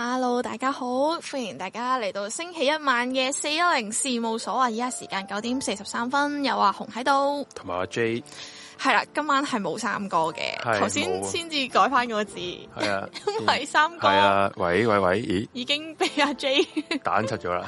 hello，大家好，歡迎大家嚟到星期一晚嘅四一零事務所啊！依家時間九點四十三分，有阿紅喺度，同埋阿 J，係啦，今晚係冇三仔嘅，頭先先至改翻個字，係啊，冇三仔，啊，喂喂喂，咦，已經俾阿 J 打柒咗啦，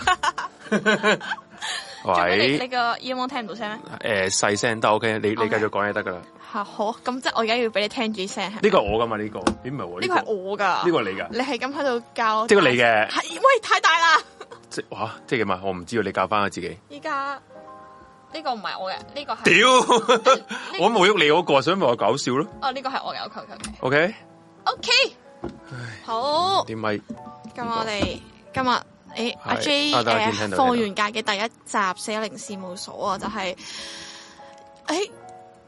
喂，你個耳麥聽唔到聲咩？誒，細聲都 OK，你你繼續講嘢得噶啦。吓，好，咁即係我而家要俾你聽住聲。呢、這個我噶嘛？呢、這個點唔、欸、我呢、這個、這個、我噶。呢、這個你噶。你係咁喺度教我。即係你嘅。係喂，太大啦！ 即係哇，即係我唔知道你教翻我自己。依家呢個唔係我嘅，呢、這個 欸這個。屌，我冇喐你嗰、那個，想為我搞笑咯。哦、啊，呢、這個係我嘅，求求你。OK，OK，好。點咪？咁我哋今日誒阿 J 嘅放完假嘅第一集四一零事務所啊，就係、是、誒。嗯欸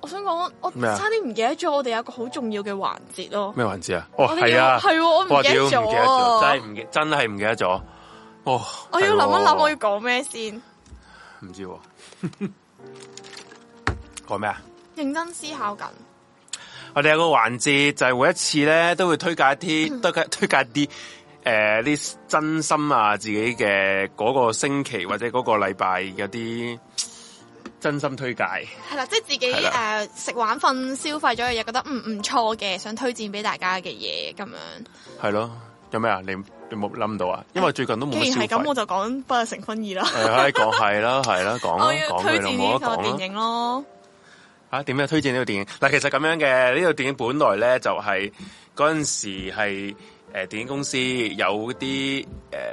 我想講，我差啲唔記得咗，我哋有個好重要嘅環節咯。咩環節啊？哦，係啊，係、啊，我唔記得咗、啊，真係唔記，真係唔記得咗。哦，我要諗一諗、啊，我要講咩先？唔知、啊，講咩啊？認真思考緊。我哋有個環節，就係、是、每一次咧都會推介一啲，推 介推介一啲，誒、呃，啲真心啊，自己嘅嗰個星期或者嗰個禮拜嘅啲。真心推介係啦，即係自己誒、呃、食玩瞓消費咗嘅嘢，又覺得嗯唔錯嘅，想推薦俾大家嘅嘢咁樣。係咯，有咩啊？你你冇諗到啊？因為最近都冇、啊。既然係咁，我就講《不過成婚二》啦。誒，你講係啦，係啦，講講佢兩個電影咯。啊，點樣推薦呢個電影？嗱、啊，其實咁樣嘅呢個電影本來咧就係嗰陣時係誒、呃、電影公司有啲誒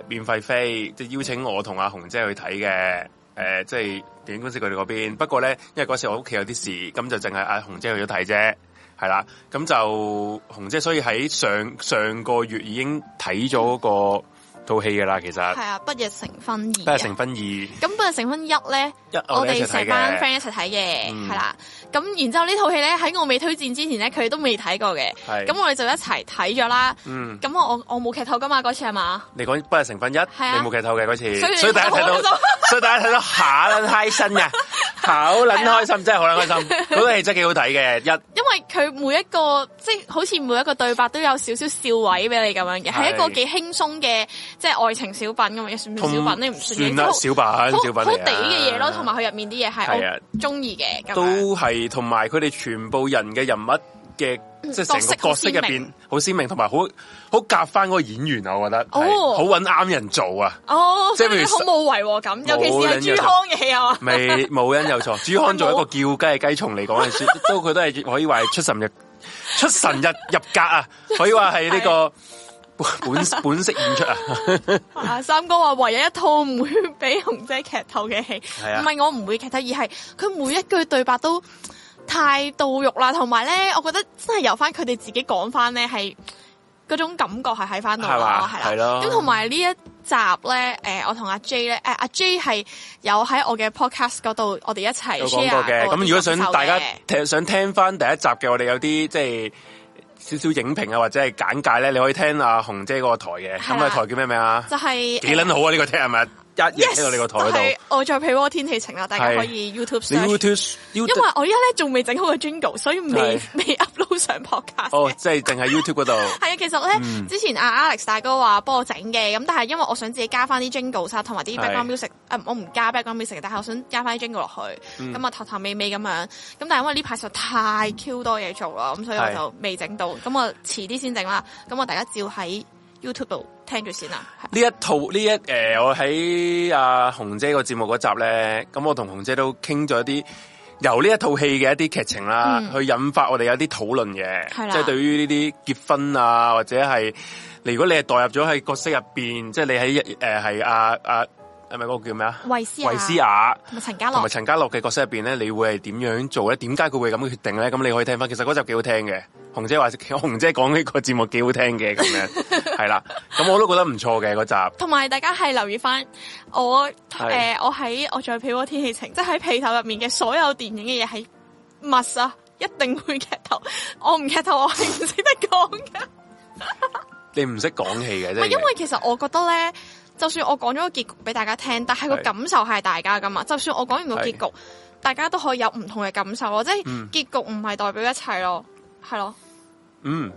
免費飛，即、呃、係、就是、邀請我同阿紅姐去睇嘅。誒、呃，即係電影公司佢哋嗰邊，不過咧，因為嗰時我屋企有啲事，咁就淨係阿紅姐去咗睇啫，係啦，咁就紅姐，所以喺上上個月已經睇咗嗰個套戲噶啦，其實係啊，不日成婚二，不日成婚二，咁不日成婚一咧？我哋成班 friend 一齊睇嘅，係、嗯、啦。咁、啊、然之後呢套戲咧喺我未推薦之前咧，佢都未睇過嘅。咁我哋就一齊睇咗啦。咁、嗯、我我冇劇透噶嘛，嗰次係嘛？你講不係成分一，啊、你冇劇透嘅嗰次所所。所以大家睇到， 所以大家睇到下捻開心嘅，好捻開心， 真係好捻開心。嗰套戲真係幾 好睇嘅。一因為佢每一個 即係好似每一個對白都有少少笑位俾你咁樣嘅，係一個幾輕鬆嘅即係愛情小品咁樣，一小品咧唔算小品，你算算你算小品好地嘅嘢咯。同埋佢入面啲嘢係，中意嘅。都係同埋佢哋全部人嘅人物嘅，即係成個角色入邊好鮮明，同埋好好夾翻嗰個演員啊！我覺得，好搵啱人做啊！哦、即係譬如好冇違和感咁，尤其是朱康嘅戲啊，未冇人有錯。朱康做一個叫雞嘅雞蟲嚟講嘅事，說都佢都係可以話係出神入 出神入入格啊！可以話係呢個。本 本色演出 啊！阿三哥話，唯一一套唔會俾紅姐劇透嘅戲，唔係、啊、我唔會劇透，而係佢每一句對白都太到肉啦。同埋咧，我覺得真係由翻佢哋自己講翻咧，係嗰種感覺係喺翻度啦，係啦。咁同埋呢一集咧，誒、呃，我同阿 J 咧，誒，阿 J 係有喺我嘅 podcast 嗰度，我哋一齊有講過嘅。咁如果想大家聽，想聽翻第一集嘅，我哋有啲即係。少少影評啊，或者係簡介咧，你可以聽阿紅姐嗰個台嘅。咁個台叫咩名啊？就係幾撚好啊！呢、欸這個聽係咪？一聽到你個台度，就是、我再 p o 天氣晴啊，大家可以 YouTube，YouTube 因為我依家咧仲未整好個 Jingle，所以未未，好想播 cast、oh，哦，即係淨係 YouTube 嗰度。係啊，其實咧、嗯、之前阿 Alex 大哥話幫我整嘅，咁但係因為我想自己加翻啲 jingle 同埋啲 background music，呃、我唔加 background music，但係我想加翻啲 jingle 落去，咁、嗯、啊頭頭尾尾咁樣，咁但係因為呢排實在太 Q 多嘢做啦，咁所以我就未整到，咁我遲啲先整啦，咁我大家照喺 YouTube 度聽住先啦。呢一套呢一誒、呃，我喺阿、啊、紅姐個節目嗰集咧，咁我同紅姐都傾咗啲。由呢一套戲嘅一啲劇情啦，去引發我哋有啲討論嘅，即、嗯、係對於呢啲結婚啊，或者係，如果你係代入咗喺角色入邊，即、就、係、是、你喺誒係啊啊係咪嗰個叫咩啊？衛詩雅、陳家同埋陳家樂嘅角色入邊咧，你會係點樣做咧？點解佢會咁嘅決定咧？咁你可以聽翻。其實嗰集幾好聽嘅。紅姐話，紅姐講呢個節目幾好聽嘅咁樣，係 啦。咁我都覺得唔錯嘅嗰集。同埋大家係留意翻，我誒、呃，我喺我、就是、在被窩天氣晴，即係喺被頭入面嘅所有電影嘅嘢係密啊，一定會劇透。我唔劇透，我係唔識得講嘅。你唔識講戲嘅，啫，因為其實我覺得咧。就算我講咗個結局俾大家聽，但係個感受係大家噶嘛。就算我講完個結局，大家都可以有唔同嘅感受。我即係結局唔係代表一切咯，係咯。嗯，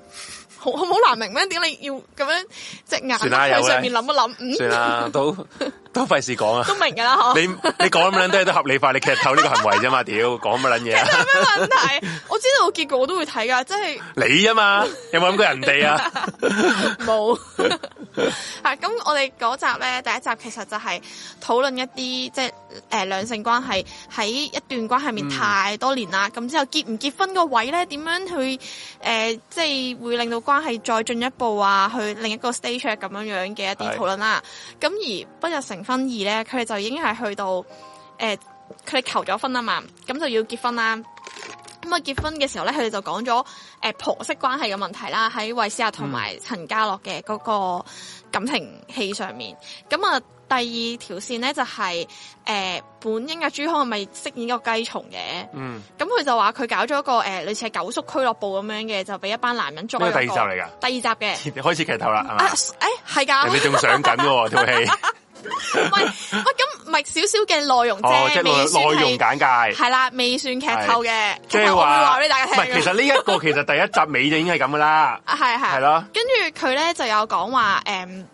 好、嗯、 好難明咩？點你要咁樣隻眼喺、啊、上面諗一諗？嗯，算 都費事講啊！都明噶啦，你你講乜卵都係都合理化，你劇透呢個行為啫嘛？屌，講乜卵嘢？有咩問題？ 我知道個結果，我都會睇噶，即係你啊嘛？有冇諗過人哋啊？冇啊！咁我哋嗰集咧，第一集其實就係討論一啲即係誒，兩、就是呃、性關係喺一段關係面、嗯、太多年啦，咁之後結唔結婚個位咧，點樣去誒、呃，即係會令到關係再進一步啊？去另一個 stage 咁樣樣嘅一啲討論啦。咁而不日成。婚二咧，佢哋就已經係去到誒，佢、呃、哋求咗婚啊嘛，咁就要結婚啦。咁啊，結婚嘅時候咧，佢哋就講咗誒婆媳關係嘅問題啦。喺衛詩雅同埋陳家樂嘅嗰個感情戲上面，咁、嗯、啊第二條線咧就係、是、誒、呃，本英啊朱康係咪飾演一個雞蟲嘅？嗯，咁佢就話佢搞咗一個誒、呃、類似係九叔俱樂部咁樣嘅，就俾一班男人捉。呢第二集嚟噶。第二集嘅。開始劇透啦，係、啊、嘛？誒、係、哎、噶。你仲上緊嘅喎，套戲。 喂 喂，咁咪少少嘅內容啫，哦即係、內容，內容簡介，係啦，未算劇透嘅，即係話俾大家聽。唔係、即係、其實呢、呢、一個其實第一集尾就已經係咁噶啦係 係，係咯。跟住佢咧就有講話，誒、嗯。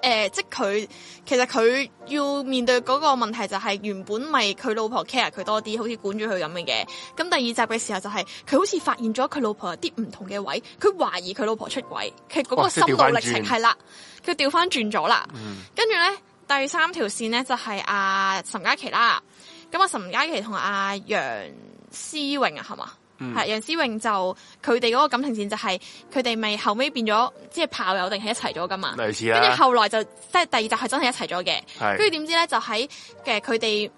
誒、呃，即係佢其實佢要面對嗰個問題就係原本咪佢老婆 care 佢多啲，好似管住佢咁嘅。咁第二集嘅時候就係、是、佢好似發現咗佢老婆有啲唔同嘅位，佢懷疑佢老婆出軌，其實嗰個心路歷程係、嗯就是啊、啦，佢調翻轉咗啦。跟住咧第三條線咧就係阿岑嘉琪啦。咁阿岑嘉琪同阿楊思穎啊，係嘛？係楊思穎就佢哋嗰個感情線就係佢哋咪後尾變咗即係炮友定係一齊咗噶嘛類似啊，跟住後，後來就即係、啊、第二集係真係一齊咗嘅，跟住點知咧就喺嘅佢哋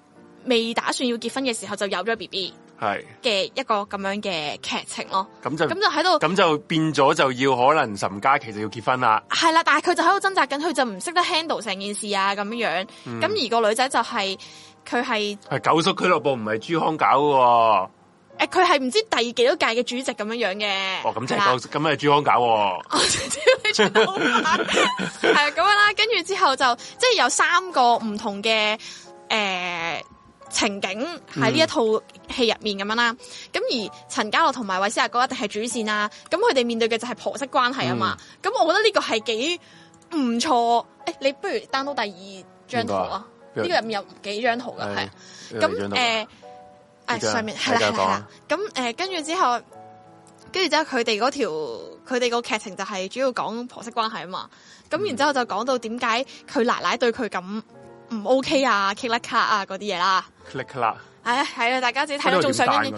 未打算要結婚嘅時候就有咗 B B 係嘅一個咁樣嘅劇情咯，咁就咁就喺度咁就變咗就要可能岑嘉琪就要結婚啦，係啦，但係佢就喺度掙扎緊，佢就唔識得 handle 成件事啊咁樣樣，咁、嗯、而個女仔就係佢係係九叔俱樂部唔係朱康搞嘅、哦。誒，佢係唔知第二幾多屆嘅主席咁樣樣嘅。哦，咁即係講咁係朱康搞、啊 得 係啊，咁樣啦。跟住之後就即係、就是、有三個唔同嘅誒、呃、情景喺呢一套戲入面咁樣啦。咁、嗯、而陳家樂同埋衛詩雅哥一定係主線啦、啊。咁佢哋面對嘅就係婆媳關係啊嘛。咁、嗯嗯、我覺得呢個係幾唔錯。誒、欸，你不如 download 第二張圖啊。呢個入面有幾張圖噶，係咁誒。哎、上面係啦係啦咁誒跟住之後，跟住之後佢哋嗰條佢哋個劇情就係主要講婆媳關係啊嘛，咁然之後就講到點解佢奶奶對佢咁唔 OK 啊，click 啦卡，卡啊嗰啲嘢啦，click 啦卡，啊，係啊，大家自己睇到仲想跟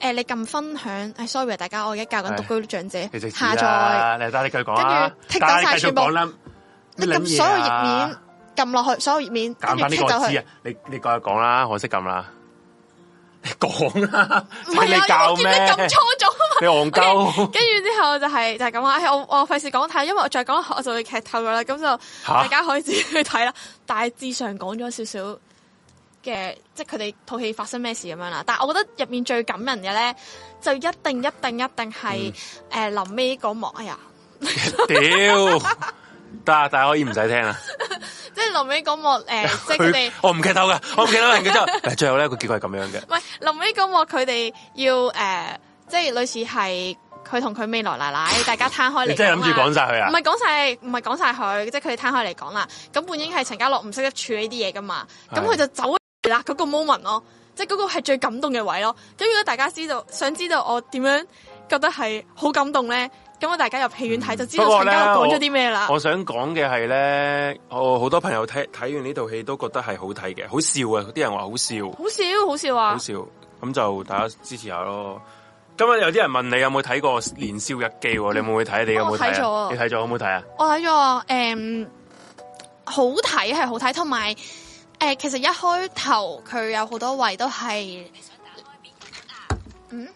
誒你撳分享、哎、sorry 大家，我而家教緊獨居長者下載，你得你繼續講啦，但係你繼續講啦，你撳所有頁面撳落去，所有頁面，揀翻啲我知啊，你你繼續講啦，我識撳啦。講啊，唔係有咩咁錯咗嘛？你憨鳩，跟住之後就係、是、就係咁啊！我我費事講睇，因為我再講我就會劇透咗啦。咁就大家可以自己去睇啦。大致上講咗少少嘅，即係佢哋套戲發生咩事咁樣啦。但係我覺得入面最感人嘅咧，就一定一定一定係誒臨尾嗰幕。哎呀，屌！得、 呃、啊！大家可以唔使聽啦。即係臨尾嗰幕誒，即係我唔劇透噶，我唔劇透，唔劇 最後咧，個結果係咁樣嘅。唔係，臨尾嗰幕佢哋要誒、呃，即係類似係佢同佢未來奶奶 大家攤開嚟。即係係諗住講晒佢啊？唔係講晒，唔係講晒佢，即係佢哋攤開嚟講啦。咁本應係陳家樂唔識得處理啲嘢噶嘛，咁 佢就走啦嗰、那個 moment 咯，即係嗰個係最感動嘅位咯。咁如果大家知道，想知道我點樣覺得係好感動咧？咁我大家入戲院睇、嗯、就知道陳家樂講咗啲咩啦。我想講嘅係咧，我好多朋友睇睇完呢套戲都覺得係好睇嘅，好笑啊！啲人話好笑，好笑，好笑啊！好笑，咁就大家支持下咯。今日有啲人問，你有冇睇過《年少日記》嗯？你有冇去睇？你有冇睇？你睇咗好唔好睇啊？我睇咗，誒、嗯，好睇係好睇，同埋誒，其實一開頭佢有好多位都係。你想打開邊？嗯。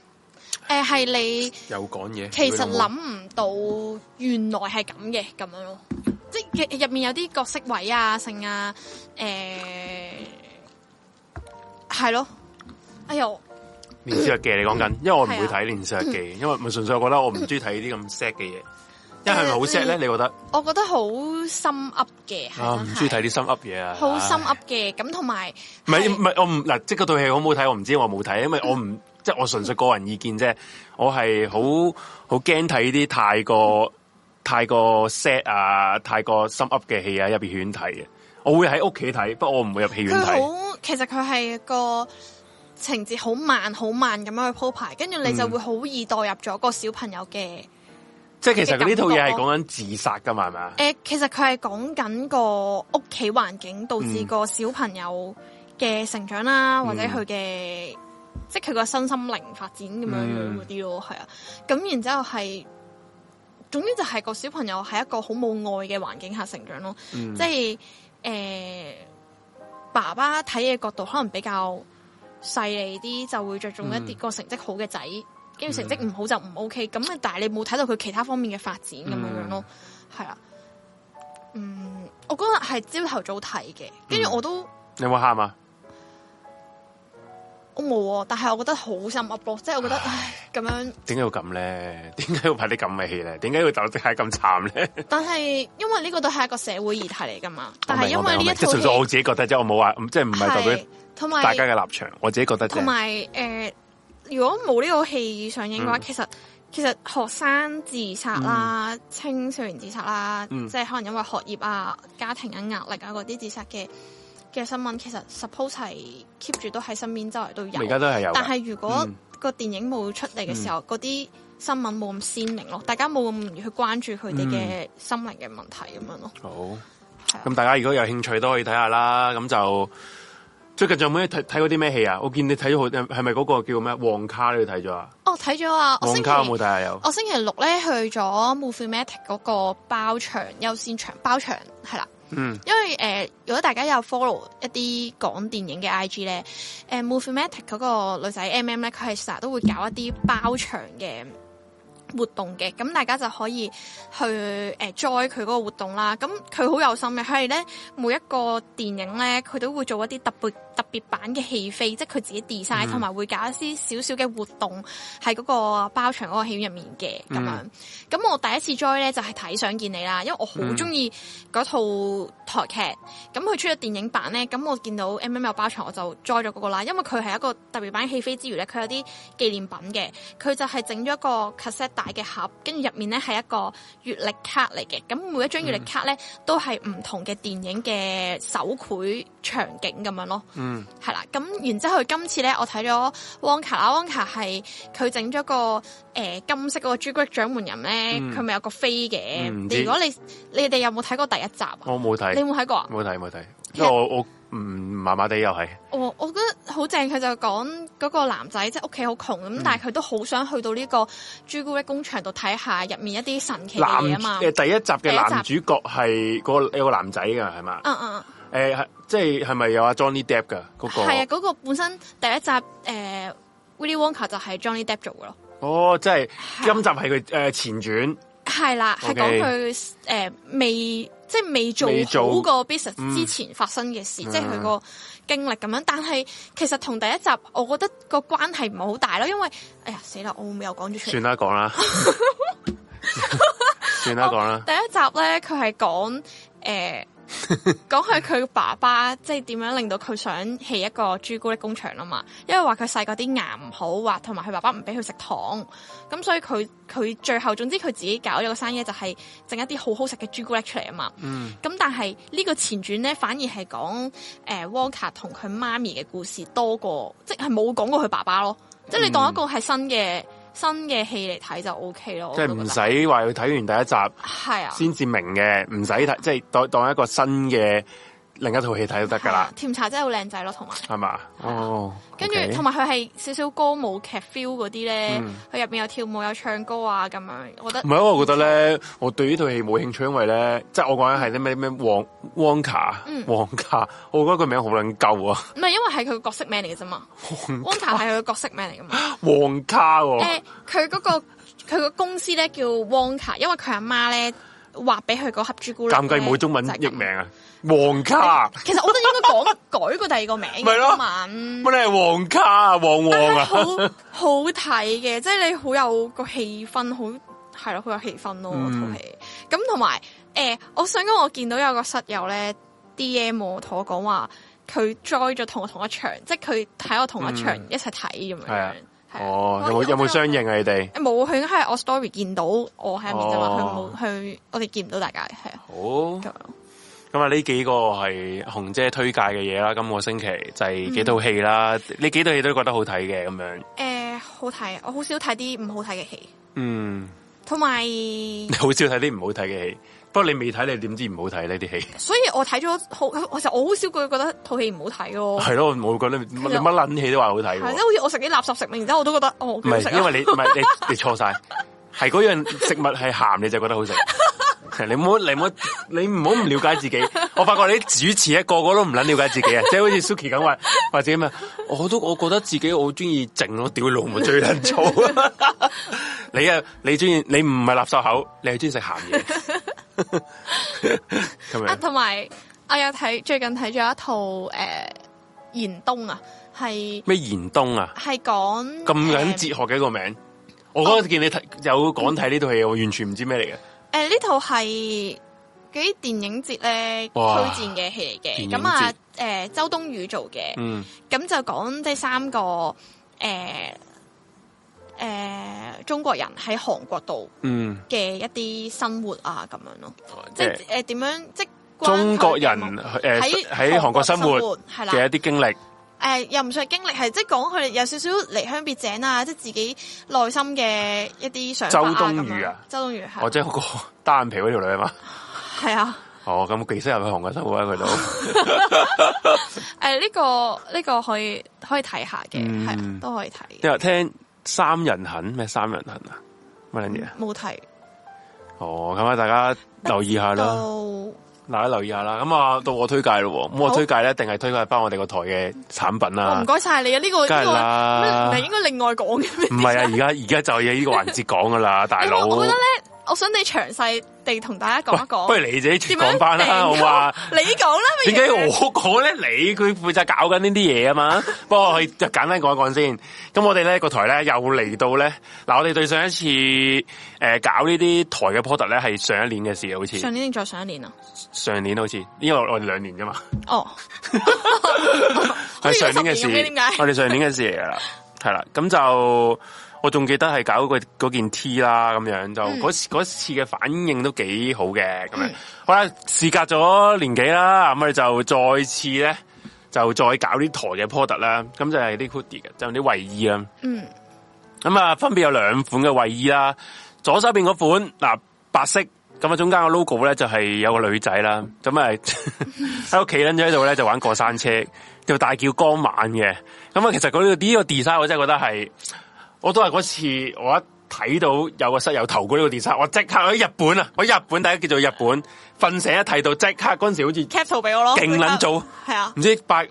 誒，係你又講嘢，其實諗唔到原來係咁嘅咁樣咯，即係入面有啲角色位啊，剩啊，誒，係咯，哎喲，年少日記你講緊，因為我唔會睇年少日記，因為唔純粹，我覺得我唔中意睇啲咁 set 嘅嘢，因為係咪好 set 咧？你覺得？我覺得好深噏嘅，啊，唔中意睇啲深噏嘢啊，好深噏嘅，咁同埋唔係唔係，我唔嗱，即係嗰套戲好唔好睇？我唔知，我冇睇，因為我唔。即係我純粹個人意見啫，我係好好驚睇呢啲太過太過 sad 啊，太過深 up 嘅戲啊入邊院睇嘅，我會喺屋企睇，不過我唔會入戲院睇。佢好，其實佢係個情節好慢，好慢咁樣去鋪排，跟住你就會好易代入咗個小朋友嘅，嗯。即係其實呢套嘢係講緊自殺㗎嘛，係咪啊？誒，其實佢係講緊個屋企環境導致個小朋友嘅成長啦，啊嗯，或者佢嘅。嗯即係佢個身心靈發展咁樣樣嗰啲咯，係啊。咁然之後係，總之就係個小朋友喺一個好冇愛嘅環境下成長咯、mm. 即是。即係誒，爸爸睇嘅角度可能比較勢利啲，就會着重一啲個成績好嘅仔，跟、mm. 住成績唔好就唔 OK、mm.。咁但係你冇睇到佢其他方面嘅發展咁樣樣咯，係、mm. 啊。嗯，我嗰日係朝頭早睇嘅，跟住我都、mm. 你有冇喊啊？我冇，但係我覺得好心噏咯，即、就、係、是、我覺得唉咁樣，樣呢。點解要咁咧？點解要拍啲咁嘅戲咧？點解要大陸的孩咁慘咧？ 但係因為呢個都係一個社會議題嚟㗎嘛。 但係因係呢一係我，我，我，我自己覺得即我冇話，即係唔係代表同埋大家嘅立場。我自己覺得同埋誒，如果冇呢個戲上映嘅話，嗯、其實其實學生自殺啦、青、嗯、少年自殺啦，嗯、即係可能因為學業啊、家庭嘅壓力啊嗰啲自殺嘅。嘅新聞其實 suppose 係 keep 住都喺身邊周圍都有，而家都係有，但係如果、嗯，個電影冇出嚟嘅時候，嗰、嗯、啲新聞冇咁鮮明咯，大家冇咁容易去關注佢啲嘅心靈嘅問題咁、嗯、樣咯。好，咁、啊、大家如果有興趣都可以睇下啦。咁就最近仲有冇睇睇過啲咩戲啊？我見你睇咗，好，係咪嗰個叫咩《旺卡》你睇咗啊？哦，睇咗啊！旺卡有冇睇啊？有。我星期六咧去咗 Moviematic 嗰個包場優先場包場係啦。嗯，因為誒、呃、如果大家有 follow 一啲講電影嘅 IG 咧，誒、呃、Moviematic 嗰個女仔 M M 咧，佢係成日都會搞一啲包場嘅活動嘅，咁大家就可以去誒 join 佢嗰個活動啦。咁佢好有心嘅，係咧每一個電影咧，佢都會做一啲特別特別版嘅戲飛，即係佢自己 design 同埋會搞一啲少少嘅活動喺嗰個包場嗰個戲院入面嘅咁、嗯、樣。咁我第一次 join 咧就係、是、睇《想見你》啦，因為我好中意嗰套台劇。咁、嗯、佢出咗電影版咧，咁我見到 M M 有包場我就 join 咗嗰個啦。因為佢係一個特別版戲飛之餘咧，佢有啲紀念品嘅。佢就係整咗一個 cassette。買嘅盒，跟住入面咧係一個月曆卡嚟嘅，咁每一張月曆卡咧都係唔同嘅電影嘅手繪場景咁樣咯。嗯，係啦，咁然之後今次咧，我睇咗、啊《旺卡》呃，《旺卡》係佢整咗個誒金色嗰個朱古力獎門人咧，佢、嗯、咪有個飛嘅。嗯、如果你你哋有冇睇過第一集啊？我冇睇，你有冇睇過啊？冇睇冇睇，因為我我。我唔麻麻地又係。哦，oh, 我覺得好正，佢就講嗰個男仔，即係屋企好窮咁，嗯、但係佢都好想去到呢個朱古力工場度睇下入面一啲神奇嘢啊嘛男。第一集嘅男主角係、嗰個有、嗰個男仔噶係嘛？嗯嗯、欸。誒，即係係咪有阿 Johnny Depp 噶嗰、嗰個？係啊，嗰、嗰個本身第一集誒、呃、Willy Wonka 就係 Johnny Depp 做嘅咯。哦，即係今集係佢誒前傳。係啦、啊，係講佢誒未。即係未做好個 business、嗯、之前發生嘅事，嗯、即係佢個經歷咁樣。但係其實同第一集我覺得個關係唔係好大咯，因為，哎呀死啦，我又講咗出嚟。講啦 算啦，講啦，算啦，講啦。第一集咧，佢係講誒。呃講係佢爸爸，即係點樣令到佢想起一個朱古力工場啊嘛？因為話佢細個啲牙唔好，話同埋佢爸爸唔俾佢食糖，咁所以佢佢最後，總之佢自己搞咗個生意，就係整一啲好好食嘅朱古力出嚟啊嘛。咁、嗯、但係呢個前傳咧，反而係講誒沃卡同佢媽咪嘅故事多過，即係冇講過佢爸爸咯。嗯、即係你當一個係新嘅。新嘅戲嚟睇就 O K 咯，即係唔使話要睇完第一集係啊？先至明嘅，唔使睇，即係當當一個新嘅。另一套戲睇都得噶啦，甜茶真係好靚仔咯，同埋係嘛，哦，跟住同埋佢係少少歌舞劇 feel 嗰啲咧，佢入邊有跳舞有唱歌啊咁樣，我覺得唔係啊，我覺得咧，我對呢套戲冇興趣，因為咧，即係我講緊係啲咩咩王王卡、嗯，王卡，我覺得個名好撚舊啊，唔係因為係佢個角色名嚟嘅啫嘛，王卡係佢個角色名嚟㗎嘛，王卡喎，誒佢嗰個佢個公司咧叫王卡，因為佢阿媽咧話俾佢個盒朱古力，尷尬冇中文譯名啊。王卡， 其實我覺得應該改改個第二個名字晚。 係咯，乜你係王卡啊，王王啊。好好睇嘅，即係、就是、你好有個氣氛，好係咯，好有氣氛咯、哦，套、嗯、戲。咁同埋誒，我想講，我見到有個室友咧，D M 我，跟我說，同我講話，佢 join 咗同我同一場，即係佢喺我同一場一齊睇咁樣。係、嗯、啊，哦，有冇有冇相認啊？你哋冇，佢、欸、應該係我 story 見到我喺入面就嘛，佢、哦、冇，佢我哋見唔到大家係啊。哦。好咁啊，呢幾個係紅姐推介嘅嘢啦，今個星期就係幾套戲啦。呢、嗯，幾套戲都覺得好睇嘅咁樣。誒、呃，好睇，我少好少睇啲唔好睇嘅戲。嗯，同埋你少好少睇啲唔好睇嘅戲。不過你未睇，你點知唔好睇呢啲戲？所以我睇咗好 我，其實好好我好少覺得套戲唔好睇咯。係咯，我冇覺得乜乜捻戲都話好睇。係咯，好似我食啲垃圾食物，然之後我都覺得我唔係，因為你唔係你你錯晒，係 嗰樣食物係鹹你就覺得好食。 你唔好，你唔好，你唔好唔了解自己。 我發覺你啲主持一個個都唔捻了解自己啊，即係好似 Suki 咁話，或者咩？我都我覺得自己好中意靜咯，屌龍門最難做。 你啊，你中意，你唔係垃圾口，你係中意食鹹嘢。 啊，同埋我有睇最近睇咗一套誒嚴冬啊，係咩嚴冬啊？係講咁樣哲學嘅一個名、呃。我嗰日見你有講睇呢套戲，我完全唔知咩嚟嘅。誒，呢套係啲電影節咧推薦嘅戲嚟嘅，咁啊，誒、呃，周冬雨做嘅，咁、嗯、就講即係三個誒誒、呃呃、中國人喺韓國度嗯嘅一啲生活啊，咁樣咯，即係誒點樣，即、呃嗯呃、中國人誒喺喺韓國生活嘅一啲經歷。嗯呃誒、呃，又唔算係經歷，係即係講佢哋有少少離鄉別井啊，即、就、係、是、自己內心嘅一啲想法啊。周冬雨啊，周冬雨係哦，即係嗰個單眼皮嗰條女啊嘛。係 啊。哦，咁幾適合去韓國生活啊，佢 都、 呃。誒、這個，呢個呢個可以可以睇下嘅，係、嗯、都可以睇。你、嗯、話聽三人行咩？三人行啊，乜嘢啊？冇睇。哦，咁啊，大家留意下啦。嗱，留意下啦，咁啊到我推介咯，咁我推介咧，一定係推介翻我哋個台嘅產品啦？唔該晒你、呢個呢個、啊，個 你呢個，梗係唔係應該另外講嘅咩？唔係啊，而家而家就係呢個環節講噶啦，大佬。我想你詳細地同大家講一講，啊，不如你自己講翻啦。我話你講啦，點解我講咧？你佢負責搞緊呢啲嘢啊嘛。 不過我簡單講一講先。咁我哋咧，這個台咧又嚟到咧，嗱，我哋對上一次誒、呃、搞呢啲台嘅 podcast 咧係上一年嘅事，好似上年定再上一年啊？上年好似，因為我哋兩年啫嘛。哦，係 上年嘅事。點解？我哋上年嘅事嚟嘅啦，係 啦。咁就。我仲記得係搞個嗰件 T 啦，咁樣就嗰、mm. 次嘅反應都幾好嘅咁樣。Mm. 好啦，事隔咗年幾啦，咁咪就再次咧，就再搞啲台嘅 product 啦。咁就係啲 hoodie 嘅，就啲衞衣啦。嗯。咁啊，分別有兩款嘅衞衣啦。左手邊嗰款嗱、呃、白色，咁啊中間個 logo 咧就係、是、有個女仔啦。咁啊喺屋企撚住喺度咧就玩過山車，就大叫光猛嘅。咁啊，其實嗰呢個 design 我真係覺得係。我都係嗰次，我一睇到有個室友投稿呢個電查，我即刻喺、哎、日本啊！我喺日本大家叫做日本，瞓醒一睇到，即刻嗰陣時好似 cap 俾我咯，勁捻做係啊！唔知八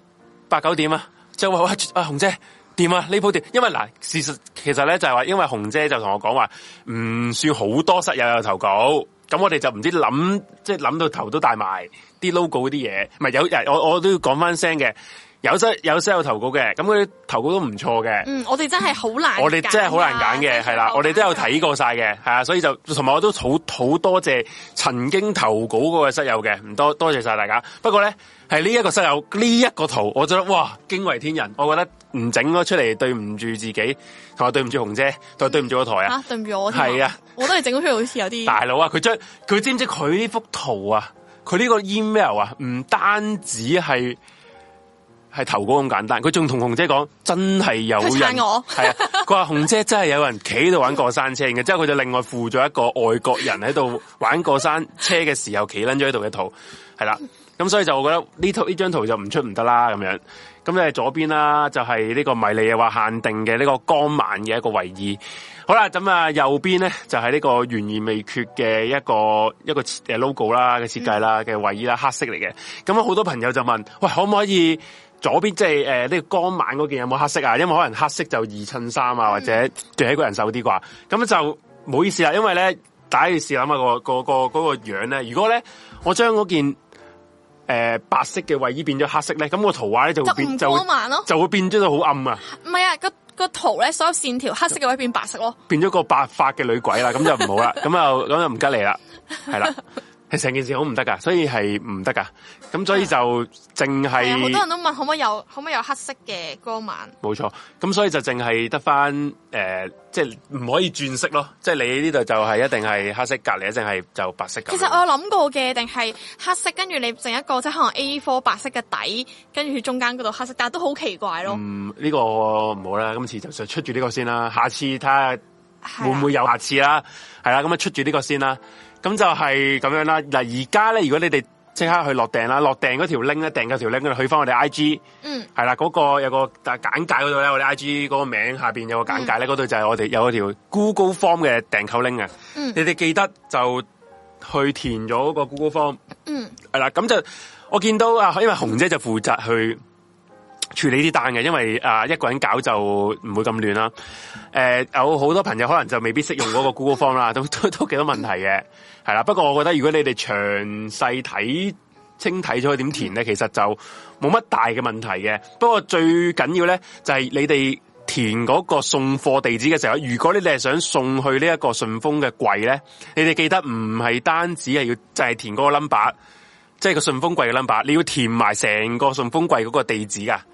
八九點啊，就話話：啊「啊紅姐掂啊呢部碟，因為嗱事實其實咧就係、是、話，因為紅姐就同我講話唔算好多室友有，有投稿，咁我哋就唔知諗即係諗到頭都大埋啲 logo 啲嘢，唔係有日我我都要講翻聲嘅。有室有室友投稿嘅，咁佢投稿都唔錯嘅。嗯，我哋真係好難。我哋真係好難揀嘅，係啦。我哋都有睇過晒嘅，係啊。所以就同埋我都好好多謝曾經投稿嗰個室友嘅，唔多多謝晒大家。不過咧，係呢一個室友呢一個圖，我覺得哇，驚為天人。我覺得唔整咗出嚟，對唔住自己，同埋對唔住紅姐，同埋對唔住個台啊。對唔住我。係啊，我都係整咗出嚟， 好似有啲。大佬啊，佢將佢知唔知佢呢幅圖啊？佢呢個 email 啊，唔單止係。係頭哥咁簡單，佢仲同紅姐講，真係有人，吓我，係 啊，佢話紅姐真係有人企喺度玩過山車嘅，之後佢就另外附咗一個外國人喺度玩過山車嘅時候企捻咗喺度嘅圖，係啦，咁所以就我覺得呢張呢張圖就唔出唔得啦咁樣。咁咧左邊啦，啊，就係、是、呢個迷你又話限定嘅呢，這個光猛嘅一個衛衣。好啦，咁啊右邊咧就係、是、呢個懸而未決嘅一個一個 logo 啦嘅設計啦嘅衛衣啦，黑色嚟嘅。咁啊好多朋友就問，喂，可唔可以？左邊即係誒呢個光猛嗰件有冇黑色啊？因為可能黑色就易襯衫啊，或者著起個人瘦啲啩。咁、嗯、就唔好意思啦，因為咧，大家要試諗啊、嗰個、嗰個個嗰、嗰個樣咧。如果咧我將嗰件誒、呃、白色嘅衞衣變咗黑色咧，咁、嗰個圖畫咧就暗光猛咯，就會變咗到好暗啊。唔係啊，嗰個、嗰個圖咧所有線條黑色嘅位置變白色咯，變咗個白髮嘅女鬼啦。咁就唔好啦，咁 就咁就唔吉利啦，係啦。係成件事好唔得噶，所以係唔得噶，咁所以就淨係好多人都問可唔可以有，可唔可以有黑色嘅光纖？冇錯，咁所以就淨係得翻誒，即係唔可以轉色咯，即係你呢度就係一定係黑色，隔籬一定係就白色。其實我諗過嘅，定係黑色，跟住你剩一個即可能 A4 白色嘅底，跟住中間嗰度黑色，但係都好奇怪咯。呢、嗯，這個唔好啦，今次就出住呢個先啦，下次睇下會唔會有下次啦，係啦、啊啊，咁、嗯、啊出住呢個先啦。咁就係咁樣啦。嗱，而家咧，如果你哋即刻去落訂啦，落訂嗰條 link 咧，訂嗰條 link 咧，去翻我哋 I G，嗯，係啦，嗰、嗰個有個簡介嗰度咧，我哋 I G 嗰個名下邊有個簡介咧，嗰、嗯、度就係我哋有條 Google Form 嘅訂購 link 嘅，嗯，你哋記得就去填咗個 Google Form，嗯，係啦，咁就我見到啊，因為紅姐就負責去處理啲單嘅，因為啊、呃，一個人搞就唔會咁亂啦。誒、呃，有好多朋友可能就未必識用嗰個 Google Form 啦， 都都都幾多問題嘅。係啦，不過我覺得如果你哋詳細睇清睇咗點填咧，其實就冇乜大嘅問題嘅。不過最緊要咧就係、是、你哋填嗰個送貨地址嘅時候，如果你哋係想送去呢一個順豐嘅櫃咧，你哋記得唔係單止係要就係填嗰個 number，即係個順豐櫃嘅 number，你要填埋成個順豐櫃嗰個地址㗎、啊。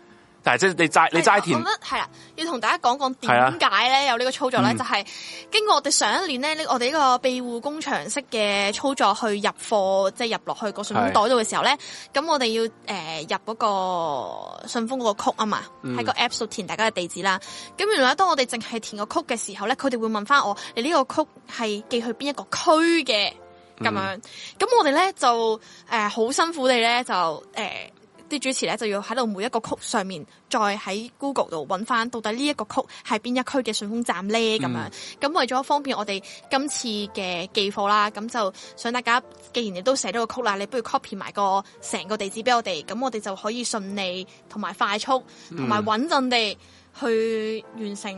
但係即係你齋你齋填，係啦，要同大家講講點解咧，有呢個操作咧，是嗯、就係經過我哋上一年咧，呢我哋呢個庇護工場式嘅操作去入貨，即、就、係、是、入落去個信封袋度嘅時候咧，咁我哋要誒、呃、入嗰個信封嗰個曲啊嘛，喺、嗯、個 apps 度填大家嘅地址啦。咁原來咧，當我哋淨係填個曲嘅時候咧，佢哋會問翻我，你呢個曲係寄去邊一個區嘅咁樣？咁、嗯、我哋咧就誒好、呃、辛苦地咧就誒。呃啲主持咧就要喺度每一個曲上面，再喺 Google 度揾翻到底呢一個曲係邊一區嘅順風站咧，咁樣。咁、嗯、為咗方便我哋今次嘅寄貨啦，咁就想大家，既然你都寫咗個曲啦，你不如 copy 埋個成個地址俾我哋，咁我哋就可以順利同埋快速同埋穩陣地去完成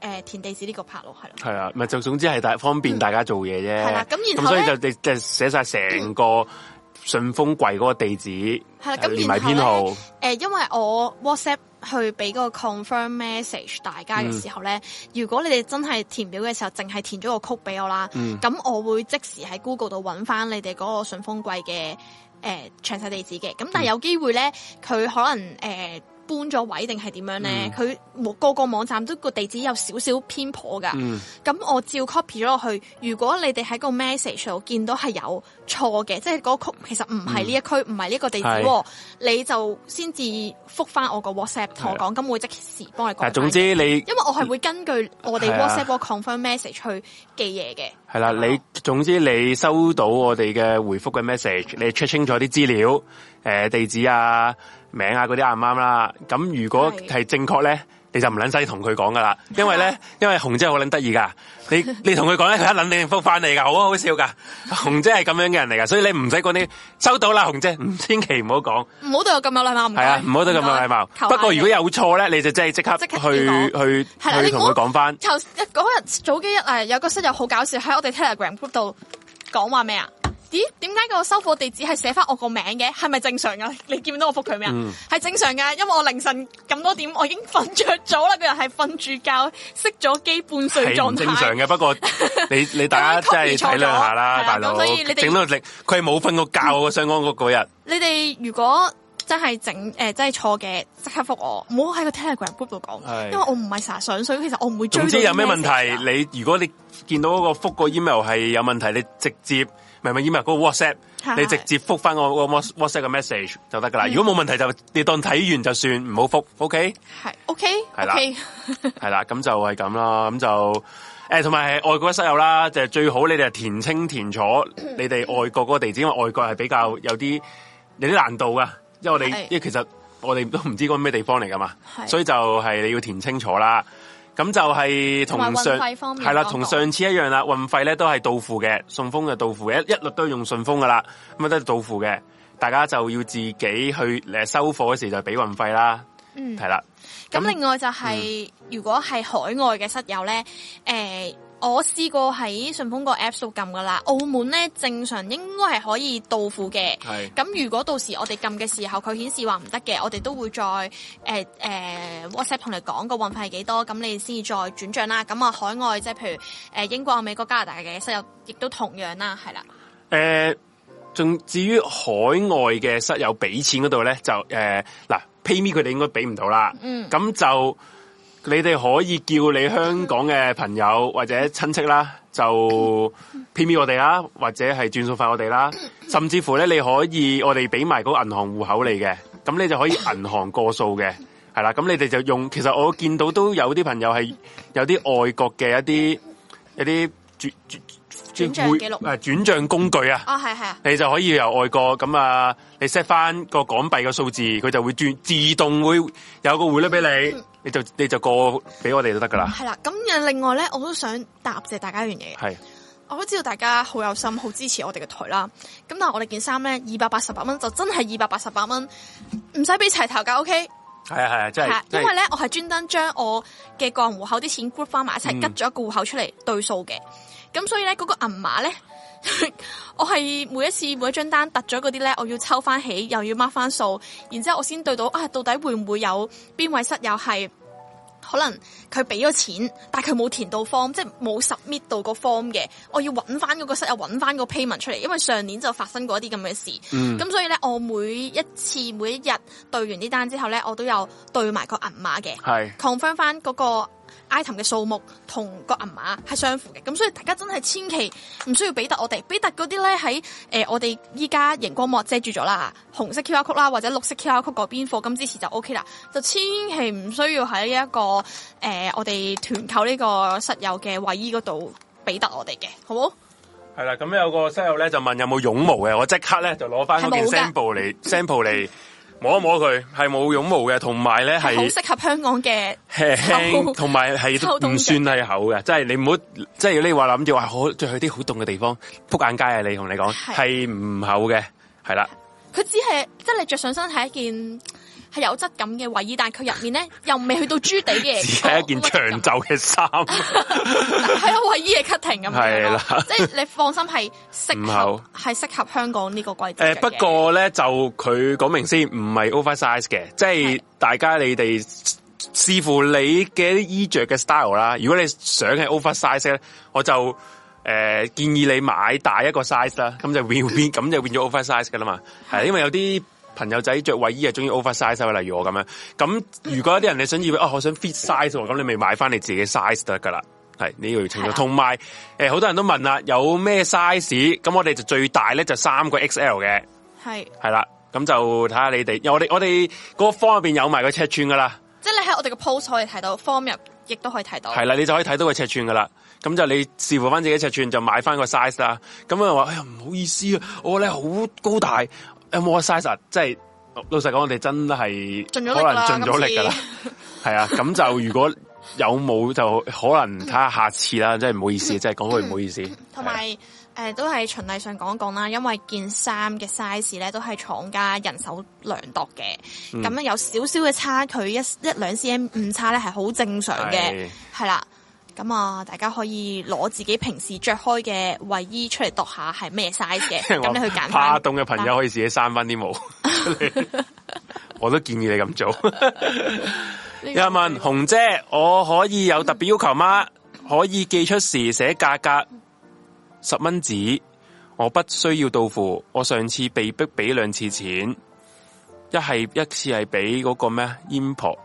誒填地址呢個拍落，係啦。係、嗯、啊，咪就總之係大方便大家做嘢啫。係、嗯、啦，咁然後呢所以就即係寫曬成個。嗯信封櫃嗰個地址，係、嗯、啦，咁、嗯、然後咧，誒、呃，因為我 WhatsApp 去俾嗰個 confirm message 大家嘅時候咧、嗯，如果你哋真係填表嘅時候，淨係填咗個曲俾我啦，咁、嗯、我會即時喺 Google 度揾翻你哋嗰個順豐櫃嘅誒詳細地址嘅，咁但係有機會咧，佢、嗯、可能誒。呃搬咗位定係點樣咧？佢、嗯、個個網站都個地址有少少偏頗噶。咁、嗯、我照 copy 咗落去。如果你哋喺個 message 度見到係有錯嘅，即係嗰區其實唔係呢一區，唔係呢個地址，你就先至覆返我個 WhatsApp 同我講，咁我會即時幫你講、啊。但總之你因為我係會根據我哋 WhatsApp 個 confirm message 去寄嘢嘅。係啦，你總之你收到我哋嘅回覆嘅 message，你 check 清楚啲資料，誒、呃、地址啊。名啊嗰啲啱啱啦，咁如果係正確咧，你就唔撚使同佢講噶啦，因為咧，因為紅姐好撚得意噶，你你同佢講咧，佢一撚你覆翻嚟噶，好好笑噶， 紅姐係咁樣嘅人嚟噶，所以你唔使講啲，收到啦，紅姐，唔千祈唔好講，唔好對我咁有禮貌，係啊，唔好對我咁有禮貌不求求，不過如果有錯咧，你就真係即刻即刻去去去同佢講翻。頭日早幾日啊，有個室友好搞笑喺我哋 Telegram group 度講話咩啊？咦？點解個收貨地址係寫翻我個名嘅？係咪正常噶？你見唔到我複佢咩？啊？係正常噶，因為我凌晨咁多點，我已經瞓着咗啦。佢又係瞓住覺，熄咗機，半睡狀態，係正常嘅，不過你 你大家真係體諒下啦，大 佬。所以你哋整到你佢冇瞓過覺嘅相安嗰嗰日。你哋如果真係整誒真係錯嘅，即刻複我，唔好喺個 telegram group 度講，因為我唔係成日上水，所以其實我唔會追。總之有咩問題，你如果你見到嗰個複個 email 係有問題，你直接。咪咪，依、那、咪個 WhatsApp，是是是，你直接覆返我個 WhatsApp 嘅 message 就得㗎喇。是是嗯、如果冇問題就，就你當睇完就算，唔好覆，OK？係，OK，係啦，係、okay、啦，咁、okay、 就係咁啦。咁就同埋、欸、外國室友啦，就係、最好你哋填清填楚、嗯。你哋外國個地址，因為外國係比較有啲有啲難度㗎。因為我哋因為其實我哋都唔知嗰咩地方嚟㗎嘛，所以就係你要填清楚啦。咁就係同上，係啦，同上次一樣啦。運費咧都係到付嘅，順豐嘅到付，一一律都用順豐噶啦，咁啊都係到付嘅，大家就要自己去誒收貨嘅時候就俾運費啦，係、嗯、啦。咁另外就係、是嗯、如果係海外嘅室友咧，欸我試過喺順豐個 APP 度撳噶啦，澳門咧正常應該係可以到付嘅。係。咁如果到時我哋撳嘅時候，佢顯示話唔得嘅，我哋都會再、呃呃、WhatsApp 同你講個運費係幾多，咁你先至再轉帳啦。咁啊，海外即係譬如、呃、英國、美國、加拿大嘅室友，亦都同樣啦，係啦。仲、呃、至於海外嘅室友俾錢嗰度咧，就嗱、呃呃、PayMe 佢哋應該俾唔到啦。嗯。咁就。你哋可以叫你香港嘅朋友或者親戚啦就，就 PM 我哋啦，啦，或者係轉數快我哋啦，甚至乎咧，你可以我哋俾埋嗰個銀行戶口你嘅，咁你就可以銀行過數嘅，係啦。咁你哋就用，其實我見到都有啲朋友係有啲外國嘅一啲一啲轉轉轉帳記錄誒，轉賬工具啊，哦係係，你就可以由外國咁啊，你 set 翻個港幣嘅數字，佢就會轉自動會有個匯率俾你。你就你就過俾我哋就得噶啦。係啦，咁另外咧，我都想答謝大家一樣嘢。係，我都知道大家好有心，好支持我哋嘅台啦。咁但係我哋件衫咧，二百八十八蚊就真係二百八十八蚊，唔使俾齊頭價。OK。係啊係啊，真係。因為咧，我係專登將我嘅個人戶口啲錢 group 翻埋一齊，吉咗一個戶口出嚟對數嘅。咁所以咧，嗰個銀碼咧。 我係每一次每一張單突咗嗰啲咧，我要抽翻起，又要 mark 翻數，然之後我先對到啊，到底會唔會有邊位室友係可能佢俾咗錢，但係佢冇填到 form，即係冇 submit 到個 form 嘅，我要揾翻嗰個室友揾翻個 payment 出嚟，因為上年就發生過一啲咁嘅事。咁、嗯、所以咧，我每一次每一日對完啲單之後咧，我都有對埋個銀碼嘅，confirm 翻、那、嗰個。item 嘅數目同個銀碼係相符嘅，咁所以大家真係千祈唔需要俾特我哋，俾特嗰啲咧喺誒我哋依家熒光幕遮住咗啦，紅色 QR code 啦或者綠色 QR code 嗰邊貨，課金支持就 OK 啦，就千祈唔需要喺一個誒、呃、我哋團購呢個室友嘅衛衣嗰度俾特我哋嘅，好冇？係啦，咁有個室友咧就問有冇絨毛嘅，我即刻咧就攞翻嗰件 sample 嚟，sample 嚟。摸一摸佢係冇絨毛嘅，同埋咧係好適合香港嘅，輕同埋係唔算係厚嘅，即係你唔、啊、好即係你話諗住話好着去啲好凍嘅地方撲眼街啊！你同你講係唔厚嘅係啦，佢只係即係你着上身係一件。係有質感嘅衛衣，但係佢入面咧又未去到珠地嘅。只係一件長袖嘅衫，係 啊， 衛衣係 cutting 咁樣咯。即係你放心係適合，係適合香港呢個季節。誒，不過咧就佢講明先，唔係 oversize 嘅。即係大家你哋視乎你嘅衣着嘅 style 啦。如果你想係 oversize 咧，我就誒、呃、建議你買大一個 size 啦。咁就變咁就變咗 oversize 噶啦嘛。係 因為有啲。朋友仔着衛衣啊，中意 oversize 咯，例如我咁樣。咁如果有啲人你想以為啊、嗯哦，我想 fit size 喎、嗯，咁、哦、你咪買翻你自己 size 得噶啦。係呢要情況。同埋誒，好、啊欸、多人都問啦，有咩 size？咁我哋就最大咧就三、是、個 XL 嘅。係。係啦、啊，咁就睇下你哋，因為我哋我哋個 form 入邊有埋個尺寸噶啦。即、就、係、是、你喺我哋個 post 可以睇到，form 入亦都可以睇到。係啦、啊，你就可以睇到個尺寸噶啦。咁就你視乎翻自己的尺寸就買翻個 size 啦。咁啊話，哎呀唔好意思啊，我咧好高大。嗯有冇 size？啊、即係老實講，我哋真係可能盡咗力噶啦。係啊，咁 就如果有冇就可能睇下下次啦。 即係唔好意思，即係講句唔好意思。同埋誒，都係循例上講講啦。因為件衫嘅 size 咧都係廠家人手量度嘅，咁、嗯、樣有少少嘅差距，一一兩 cm 誤差咧係好正常嘅，係啦。咁啊，大家可以攞自己平時着開嘅衛衣出嚟讀一下係咩 size 嘅，咁 你去揀怕凍嘅朋友可以自己生翻啲毛，我都建議你咁做 這。有人問紅姐，我可以有特別要求嗎？ 可以寄出時寫價格十蚊紙，我不需要到付。我上次被逼俾兩次錢，一係一次係俾個咩 import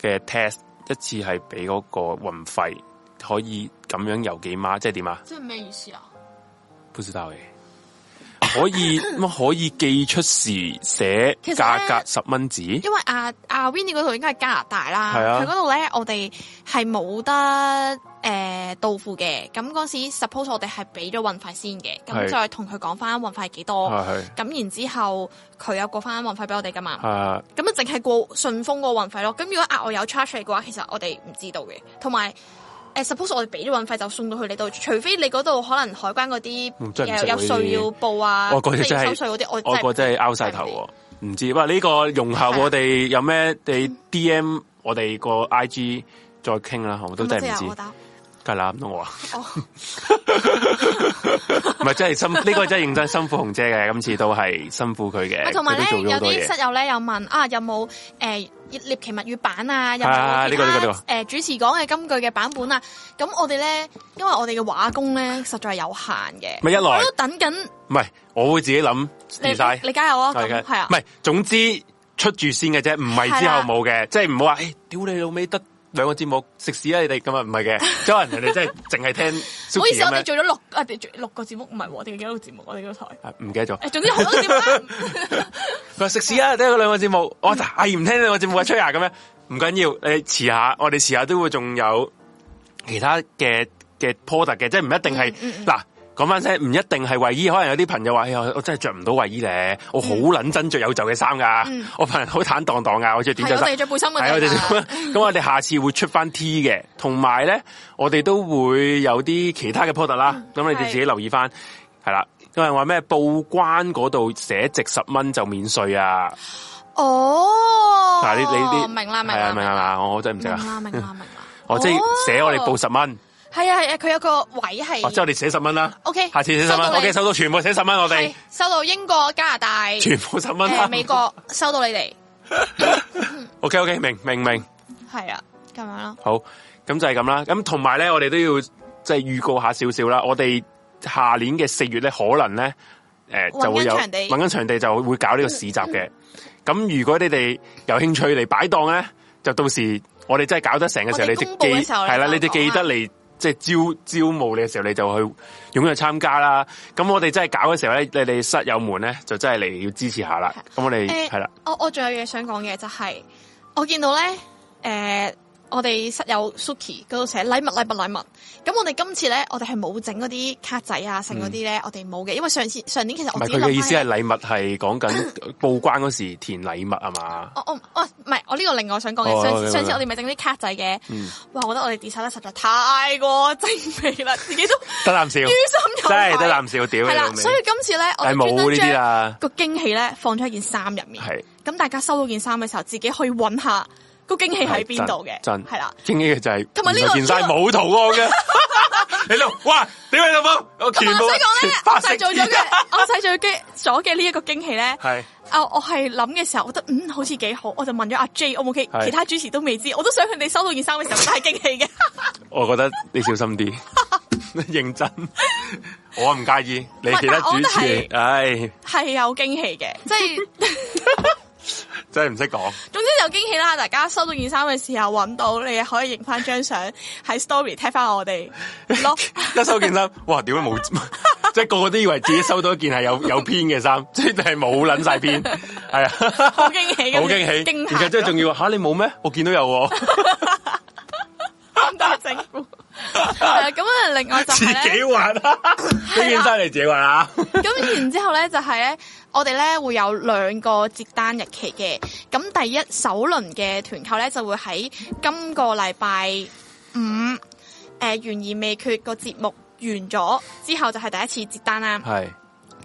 嘅 test。一次係俾嗰個運費。可以咁樣郵寄嗎？即係點啊？即係咩意思啊？不知道嘅、 啊，可以咁，可以寄出時寫價格十蚊紙，因為阿阿 Winnie 嗰度應該係加拿大啦，係啊，佢嗰度咧我哋係冇得。誒、呃，到付嘅，咁嗰時 suppose 我哋係俾咗運費先嘅，咁再同佢講翻運費幾多，咁然之後佢有過翻運費俾我哋噶嘛，咁啊淨係過順豐個運費咯，咁如果額外有 charge 出嚟嘅話，其實我哋唔知道嘅。同埋誒，suppose 我哋俾咗運費就送到去你度，除非你嗰度可能海關嗰啲有稅要報啊，收稅嗰啲，我真我真係拗晒頭，唔知。哇，呢、這個融合我哋有咩？啊？你 D M、嗯、我哋個 I G 再傾啦，我都真係唔知。梗係諗到我，哦，唔係真係辛，呢個真係認真辛苦紅姐嘅，今次都係辛苦佢嘅。同埋咧，有啲室友咧又問啊，有冇誒獵奇物語版啊？有冇其他誒、啊，這個呃、主持講嘅金句嘅版本啊？咁我哋咧，因為我哋嘅畫工咧實在係有限嘅。咪一來，我都等緊。唔係，我會自己諗，嚟晒。你加油啊！係、嗯、啊，唔係，總之出住先嘅啫，唔係之後冇嘅、啊，即係唔好話誒、屌、哎、你老味得。兩個節目食屎啊，你哋咁啊，唔係嘅，即係 人哋真係淨係聽。唔 好意思，我哋做咗六啊，做六個節目唔係，我哋幾多節目？我哋呢個台啊，唔記得咗。總之好多節目。食 屎啊，得下嗰兩個節目。我阿唔聽兩個節目啊， 我 我目 吹牙咁樣，唔緊要，要，你遲下，我哋遲下都會仲有其他嘅嘅 product 嘅，即係唔一定係嗱。 嗯嗯嗯講翻聲，唔一定係衛衣，可能有啲朋友話，哎、欸、我真係着唔到衛衣咧，我好捻真着有袖嘅衫噶。我朋友好坦蕩蕩㗎，我着短袖衫。我哋着背心。咁 我哋下次會出翻 T 嘅，同埋咧，我哋都會有啲其他嘅 product 啦。咁、嗯、你哋自己留意翻，係啦。咁係話咩報關嗰度寫值十蚊就免稅啊？哦、嗱、啊，你你啲明啦，明啦、啊，明啦，我真係唔識啊。明啦，明啦，明、 哦、寫我即係寫我哋報十蚊。係啊，係啊，佢、啊、有個位係、啊。即係我哋寫十蚊啦。OK。下次寫十蚊，OK，收到全部寫十蚊，我哋收到英國、加拿大全部十蚊、呃、美國收到你哋。OK OK，明明明。係啊，咁樣咯。好，咁就係咁啦。咁同埋咧，我哋都要即係預告一下少少啦。我哋下年嘅四月咧，可能咧，誒、呃、就會有搵緊場地，場地就會搞呢個市集嘅。咁 如果你哋有興趣嚟擺檔咧，就到時我哋真係搞得成嘅時，時候，你即記係啦，你哋、啊、記得嚟。即係招招募你嘅時候，你就去踴躍參加啦。咁我哋真係搞嘅時候咧，你哋室友們咧就真係嚟要支持下啦。咁我哋係、欸、啦。我我仲有嘢想講嘅就係、是，我見到咧誒。欸我哋室友 Suki 嗰度寫禮物、禮物、禮物，咁我哋今次咧，我哋係冇整嗰啲卡仔啊，剩嗰啲咧，我哋冇嘅，因為上次上年其實我唔係。佢嘅意思係禮物係講緊報關嗰時填禮物啊嘛。我我唔係，我呢、啊、個另外想講嘅，上、哦、上次我哋咪整啲卡仔嘅、嗯，哇，我覺得我哋 design 得實在太過精美啦，自己都得啖笑，真係得啖笑屌。係啦，所以今次咧，我係冇呢啲啦。個驚喜咧，放咗一件衫入面，咁大家收到件衫嘅時候，自己去以揾下。驚是哪的驚就是這個驚喜喺邊度嘅？真係啦，驚喜嘅就係同埋呢個填晒冇圖案嘅。你老，哇？點解咁樣？咁所以講咧，我做咗嘅，我睇做咗嘅呢一個驚喜咧。係 啊，我係諗嘅時候，我覺得嗯好似幾好。我就問咗阿 J，我冇記，其他主持都未知道。我都想佢哋收到件衫嘅時候都係驚喜嘅。 我覺得你小心啲， 認真。我唔介意。你其他主持係係、哎、有驚喜嘅，即、就、係、是。 真係唔識講。總之有驚喜啦，大家收到件衫嘅時候，揾到你可以拍張照在影翻張相喺 story tag 翻我哋。一 收件衫，哇！點解冇？ 即係個個都以為自己收到一件係有有偏嘅衫，即係冇捻晒偏。係啊，好驚喜，好驚喜。其實真係仲要吓你冇咩？我見到有喎、啊。咁多政府。咁啊，另外就係自己玩啦、啊，呢件衫你自己玩啦、啊。咁、啊、然之後咧，就係咧。我哋咧會有兩個接單日期嘅，咁第一首輪嘅團購咧就會喺今個禮拜五，誒、呃、懸而未決個節目完咗之後就係第一次接單啦。係，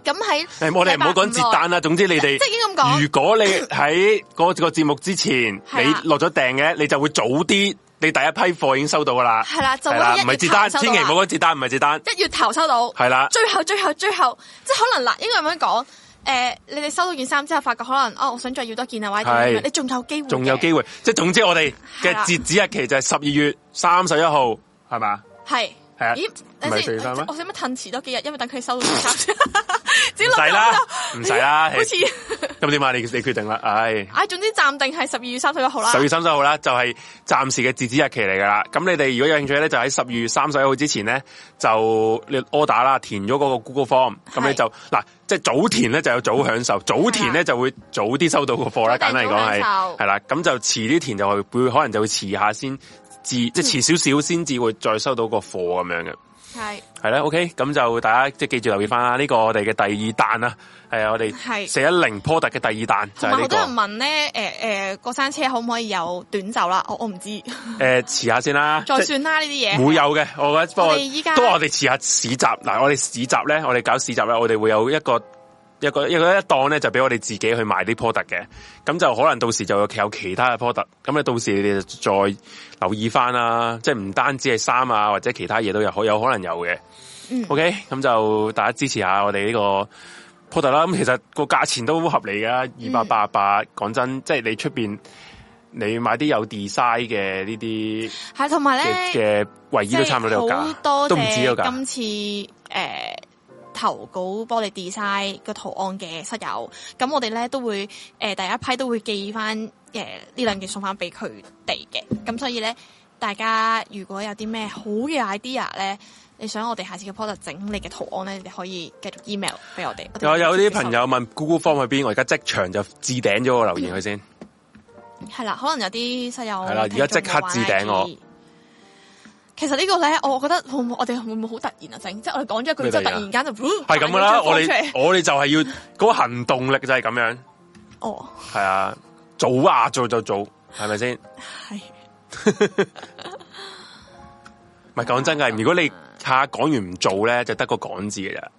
咁喺誒我哋唔好講接單啦，總之你哋即係已經咁講。如果你喺嗰個節目之前 你落咗訂嘅，你就會早啲，你第一批貨已經收到噶啦。係啦，就啦，唔係接單，千祈唔好講接單，唔係接單、啊，一月頭收到。係啦，最後最後最後，即係可能啦，應該咁樣講。誒、呃，你哋收到件衫之後，發覺可能哦，我想再要多件啊，或者點？你仲有機會，仲有機會。即係總之，我哋嘅截止日期就係十二月三十一號，係咪？係係。唔係退翻咩？我想乜褪遲多幾日，因為等佢收到日。唔 使用啦，唔使啦，好似咁點啊？你你決定啦，唉。唉， 總之暫定係十二月三十一號啦。十二月三十一號啦，就係、是、暫時嘅截止日期嚟噶啦。咁你哋如果有興趣咧，就喺十二月三十一號之前咧，就你 order 啦，填咗嗰個 Google Form，咁你就嗱，即係、就是、早填咧就有早享受，早填咧就會早啲收到個貨啦。簡單嚟講係係啦，咁就遲啲填就會可能就會遲下先，至即係遲少少先至會再收到個貨咁、嗯、樣嘅。係係啦，OK，咁就大家即係記住留意翻啦。呢、這個我哋嘅第二彈啦，係、呃、啊，我哋四一零 podcast 嘅第二彈就係呢個。同埋好多人問咧，誒、呃、誒，過山車可唔可以有短袖啦？啊？我我唔知。誒、 呃，遲下先啦，再算啦呢啲嘢。會有嘅，我覺得我依家都係我哋遲下市集。嗱，我哋市集咧，我哋搞市集咧，我哋會有一個。一個,一個一個一檔咧，就俾我哋自己去買啲 product 嘅，咁就可能到時就有其有其他嘅 product，咁咧到時你哋就再留意翻啦。即係唔單止係衫啊，或者其他嘢都有可有可能有嘅。OK 咁就大家支持下我哋呢個 product 啦。咁其實個價錢都好合理噶，二百八八，講真，即係你出邊你買啲有 design 嘅呢啲，係同埋咧嘅衛衣差唔多呢個價，都唔止啊。今次誒。呃投稿幫你 design 個圖案嘅室友，咁我哋咧都會誒、呃、第一批都會寄翻誒呢兩件送翻俾佢哋嘅，咁所以咧大家如果有啲咩好嘅 idea 咧，你想我哋下次嘅 project 整你嘅圖案咧，你可以繼續 email 俾我哋。有有啲朋友問 Google 方去邊？我而家即場就置頂咗個留言佢先、嗯。係、嗯、啦，可能有啲室友係啦，而家即刻置頂我。其實這個呢個咧，我覺得我我哋會唔會好突然啊？整即係我哋講咗一句就突然間就係咁㗎啦！我哋我哋就係要嗰 個行動力就係咁樣。哦，係啊，做啊做就做，係咪先？係， 唔係講真㗎，如果你下講完唔做咧，就得個講字嘅咋，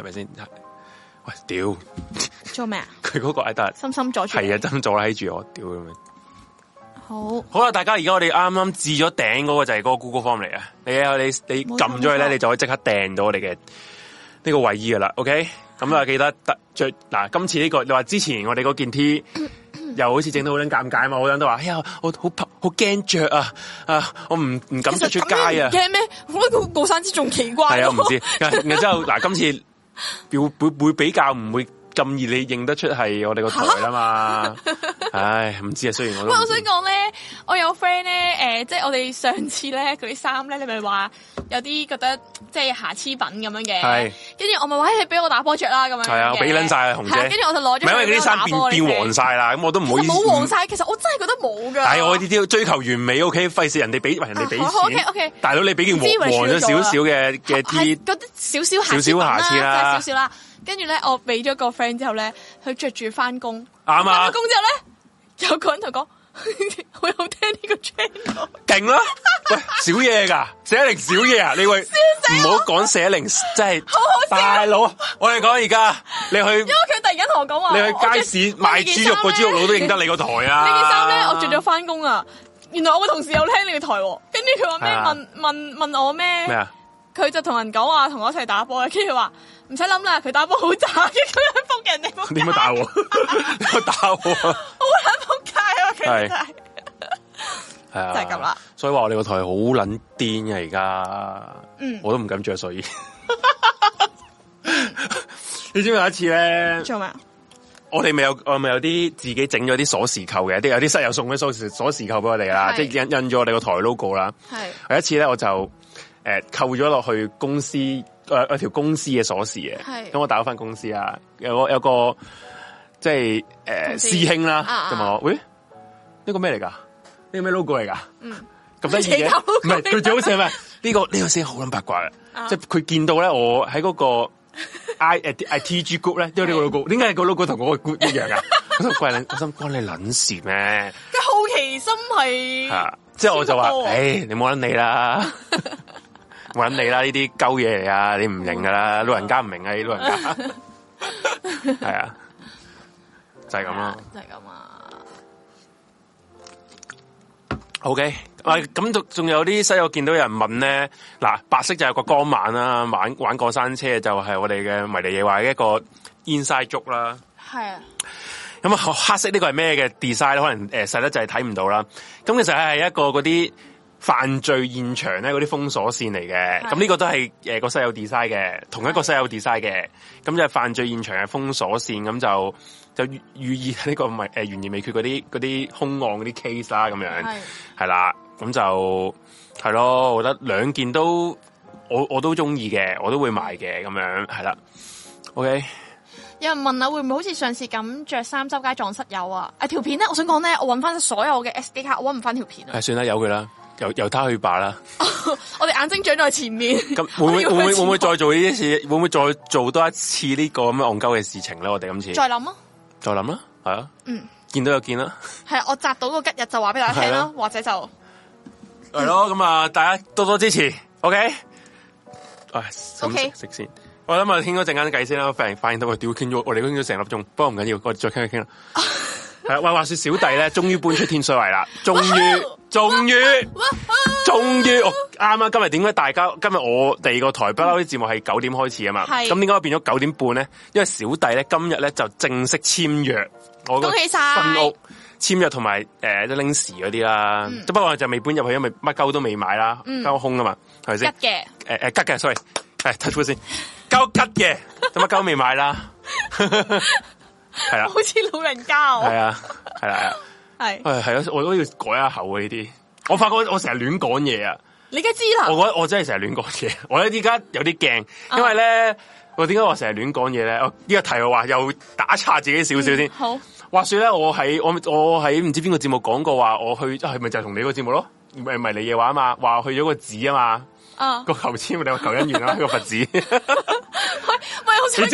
係咪先？喂，屌，做咩啊？佢 嗰個係得深深阻住，係啊，真做啦，喺住我，屌佢咪。好，好啦，大家而家我哋啱啱置咗頂嗰個就係嗰個 Google Form 嚟啊！你啊，你你撳咗佢咧，你就可以即刻訂到我哋嘅呢個衛衣噶啦。OK，咁、嗯、啊，就記得着嗱、啊，今次呢、這個你話之前我哋嗰件 T，又好似整到好捻尷尬啊嘛，好、嗯、多人都話哎呀，我好怕，好驚着啊啊，我唔唔敢着出街啊。驚咩？我覺得過山車仲奇怪。係啊，唔知。然之後嗱、啊，今次會會會比較唔會。咁易你認得出係我哋個台啦嘛？啊、 唉，唔知啊。雖然我，我想講咧，我有 friend 咧，誒、呃，即係我哋上次咧，佢啲衫咧，你咪話有啲覺得即係瑕疵品咁樣嘅。係。跟住我咪話，你俾我打波着啦咁樣。係啊，俾捻晒啦，紅姐。跟住我就攞咗，因為佢啲衫變變黃晒啦，咁我都唔好意思。冇黃晒，其實我真係覺得冇噶。但係、嗯、我呢啲追求完美，OK，費事人哋俾人哋俾、啊、okay, OK 大佬，你俾件黃黃咗少少嘅嘅啲，係嗰啲少少瑕疵啦，少少啦。跟住咧，我俾咗個 friend 之後咧，佢着住翻工，啱啊！翻工之後咧，有個人同講，好聽呢個 channel，勁囉， 喂，小嘢噶，寫靈小嘢啊，你會唔好講寫靈，真係好好大佬，我哋講而家，你去，因為佢突然間同我講話，你去街市買豬肉，個豬肉佬都認得你個台啊！你呢件衫咧，我着住翻工啊，原來我個同事又聽你個台喎，跟住佢話咩？問問問我咩？咩啊？佢就同人講話，同我一齊打波，跟住話唔使諗啦，佢打波好渣，嘅，咁樣仆人哋仆街，點解打我？我 打我好想仆街啊！跟住係啊，是 就係咁啦。所以話我哋個台好撚癲啊，而家，我都唔敢着睡。你知唔知有一次咧？做咩？我哋咪有我咪有啲自己整咗啲鎖匙扣嘅，即有啲室友送咗鎖匙鎖匙扣俾我哋啦，即係印印咗我哋個台 logo 啦。係有一次咧，我就。誒，扣咗落去公司誒、呃、條條公司嘅鎖匙嘅，咁我打咗翻公司，呃、公司啊，有個有個即係誒師兄啦，咁問我，喂、啊，欸這個這個嗯、呢個咩嚟噶？呢個咩 logo 嚟噶？咁得意嘅，唔係佢最好笑係咩？呢、 這個呢、這個先好捻八卦嘅、啊，即係佢見到咧我喺嗰個 I 誒 I T G Group 咧，因為呢個 logo，點解個 logo 同我個 group 一樣噶？ 我心怪你，關你捻事咩？即係好奇心係、啊，即係我就話，誒、哎，你冇捻你啦。 搵你啦，呢啲鳩嘢嚟啊！你唔明噶啦，老人家唔明啊，啲老人家。係 啊，就係咁啦。就係、是、咁、okay，嗯、啊。O K，誒，咁仲仲有啲西我見到有人問咧，嗱、啊，白色就係個光晚光猛啦，玩玩過山車就係我哋嘅迷你嘢話一個 inside joke 啦。係啊。咁啊，黑色呢個係咩嘅 design？可能誒細得就係睇唔到啦。咁其實係一個嗰啲。犯罪現場咧，嗰啲封鎖線嚟嘅，咁呢個都係誒、呃個室友 design 嘅，同一個室友 design 嘅，咁就係犯罪現場嘅封鎖線，咁就就寓意呢、呢個唔係誒懸而未決嗰啲嗰啲兇案嗰啲 case 啦，咁樣係啦，咁就係咯，我覺得兩件都我我都中意嘅，我都會買嘅，咁樣係啦。OK，有人問啊，會唔會好似上次咁着衫周街撞室友啊？啊條片咧，我想講咧，我揾翻所有嘅 SD 卡，我揾唔翻條片啊。誒，算有佢啦，由佢啦。由由他去罷啦，我哋眼睛長在前面 會會。咁會會會會再做呢一次？ 會唔會再做多一次呢個咁嘅戇鳩嘅事情咧？我哋今次再諗咯，再諗啦，係咯、啊。嗯，見到就見啦。係，我擇到個吉日就話俾大家聽啦、啊，或者就係咯。咁、嗯、啊，大家多多支持。O K，唉，O K，食先。我諗啊，傾多陣間計先啦。發發現到佢屌傾咗，我哋傾咗成粒鐘，不過唔緊要，我再傾一傾啦。 喂，話說小弟咧，終於搬出天水圍啦，終於，終於，終於，啱啱、哦、今日點解大家今日我哋個台不嬲啲節目係九點開始啊嘛？咁點解變咗九點半咧？因為小弟咧今日咧就正式簽約我嘅新屋簽約，同埋誒都拎匙嗰啲啦、嗯。不過我就未搬入去，因為乜鳩都未買啦，交、嗯、空啊嘛，係咪、呃哎、先？吉嘅，誒誒吉嘅，sorry，係睇先，鳩吉嘅，咁乜鳩未買啦。 係啦，好似老人家啊！係啊， 係啊，係，誒，係啊，我都要改下口啊。呢啲。我發覺我成日亂講嘢啊！你而家知啦，我覺得我真係成日亂講嘢。我咧依家有啲驚，因為咧、uh huh. 我點解我成日亂講嘢咧？呢個題我話又打岔自己少少先。好、uh，huh. 話說咧，我喺我我喺唔知邊個節目講過話，我去即係咪就同、是、你個節目咯？咪咪你嘅話啊嘛，話去咗個寺啊嘛。個求籤你話求姻緣啦個佛寺，喂我想講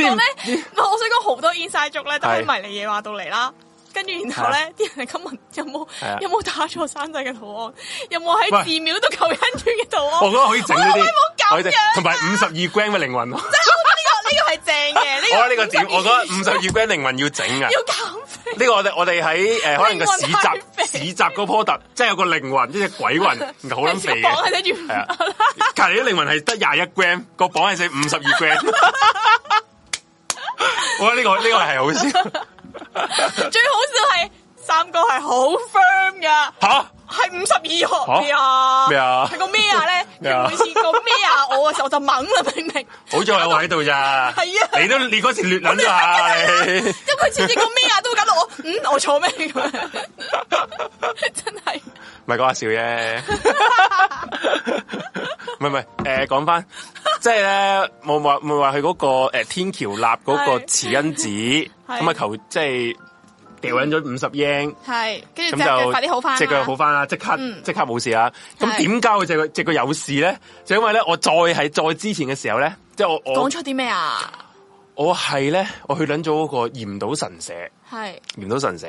咧，我我想講好多 inside 族呢，咧都係迷你嘢話到嚟啦，跟住然後咧啲人係咁問有冇有冇打錯山寨嘅圖案，有冇喺寺廟都求姻緣嘅圖案， 我覺得我可以整呢啲，同埋五十二 gram 嘅靈魂。 呢、這個係正嘅，呢、啊這個啊這個我覺得五十二 gram 靈魂要整啊！要減肥呢、這個我哋我哋喺誒可能個市集 市集嗰波特，即係有個靈魂，即、這、隻、個、鬼魂，好諗肥嘅。綁喺住係啊，隔籬啲靈魂係得廿一 gram，個綁係剩五十二 gram。我覺得呢個呢個係好笑， 最好笑係三個係好 firm 噶吓。啊係五十二號嘅啊，咩啊？佢個咩啊咧？佢似個咩啊，我嘅時候我就猛啦，明明？好彩我喺度咋，係啊！你都你嗰時亂諗啊！因為次次個咩啊都搞到我，嗯、 就是，我錯咩咁樣？真係咪講下笑啫？唔係唔係，誒，講翻即係咧，冇冇冇話佢嗰個誒天橋立嗰個慈恩寺，咁啊求即係。就是搵咗五十英，係、嗯，跟住就快啲好翻、啊，隻腳好翻啦，即刻，即刻冇事啦。咁點解佢隻腳隻腳有事咧？就因為咧，我再係再之前嘅時候咧，即係我講出啲咩啊？我係咧，我去捻咗嗰個嚴島神社，係嚴島神社。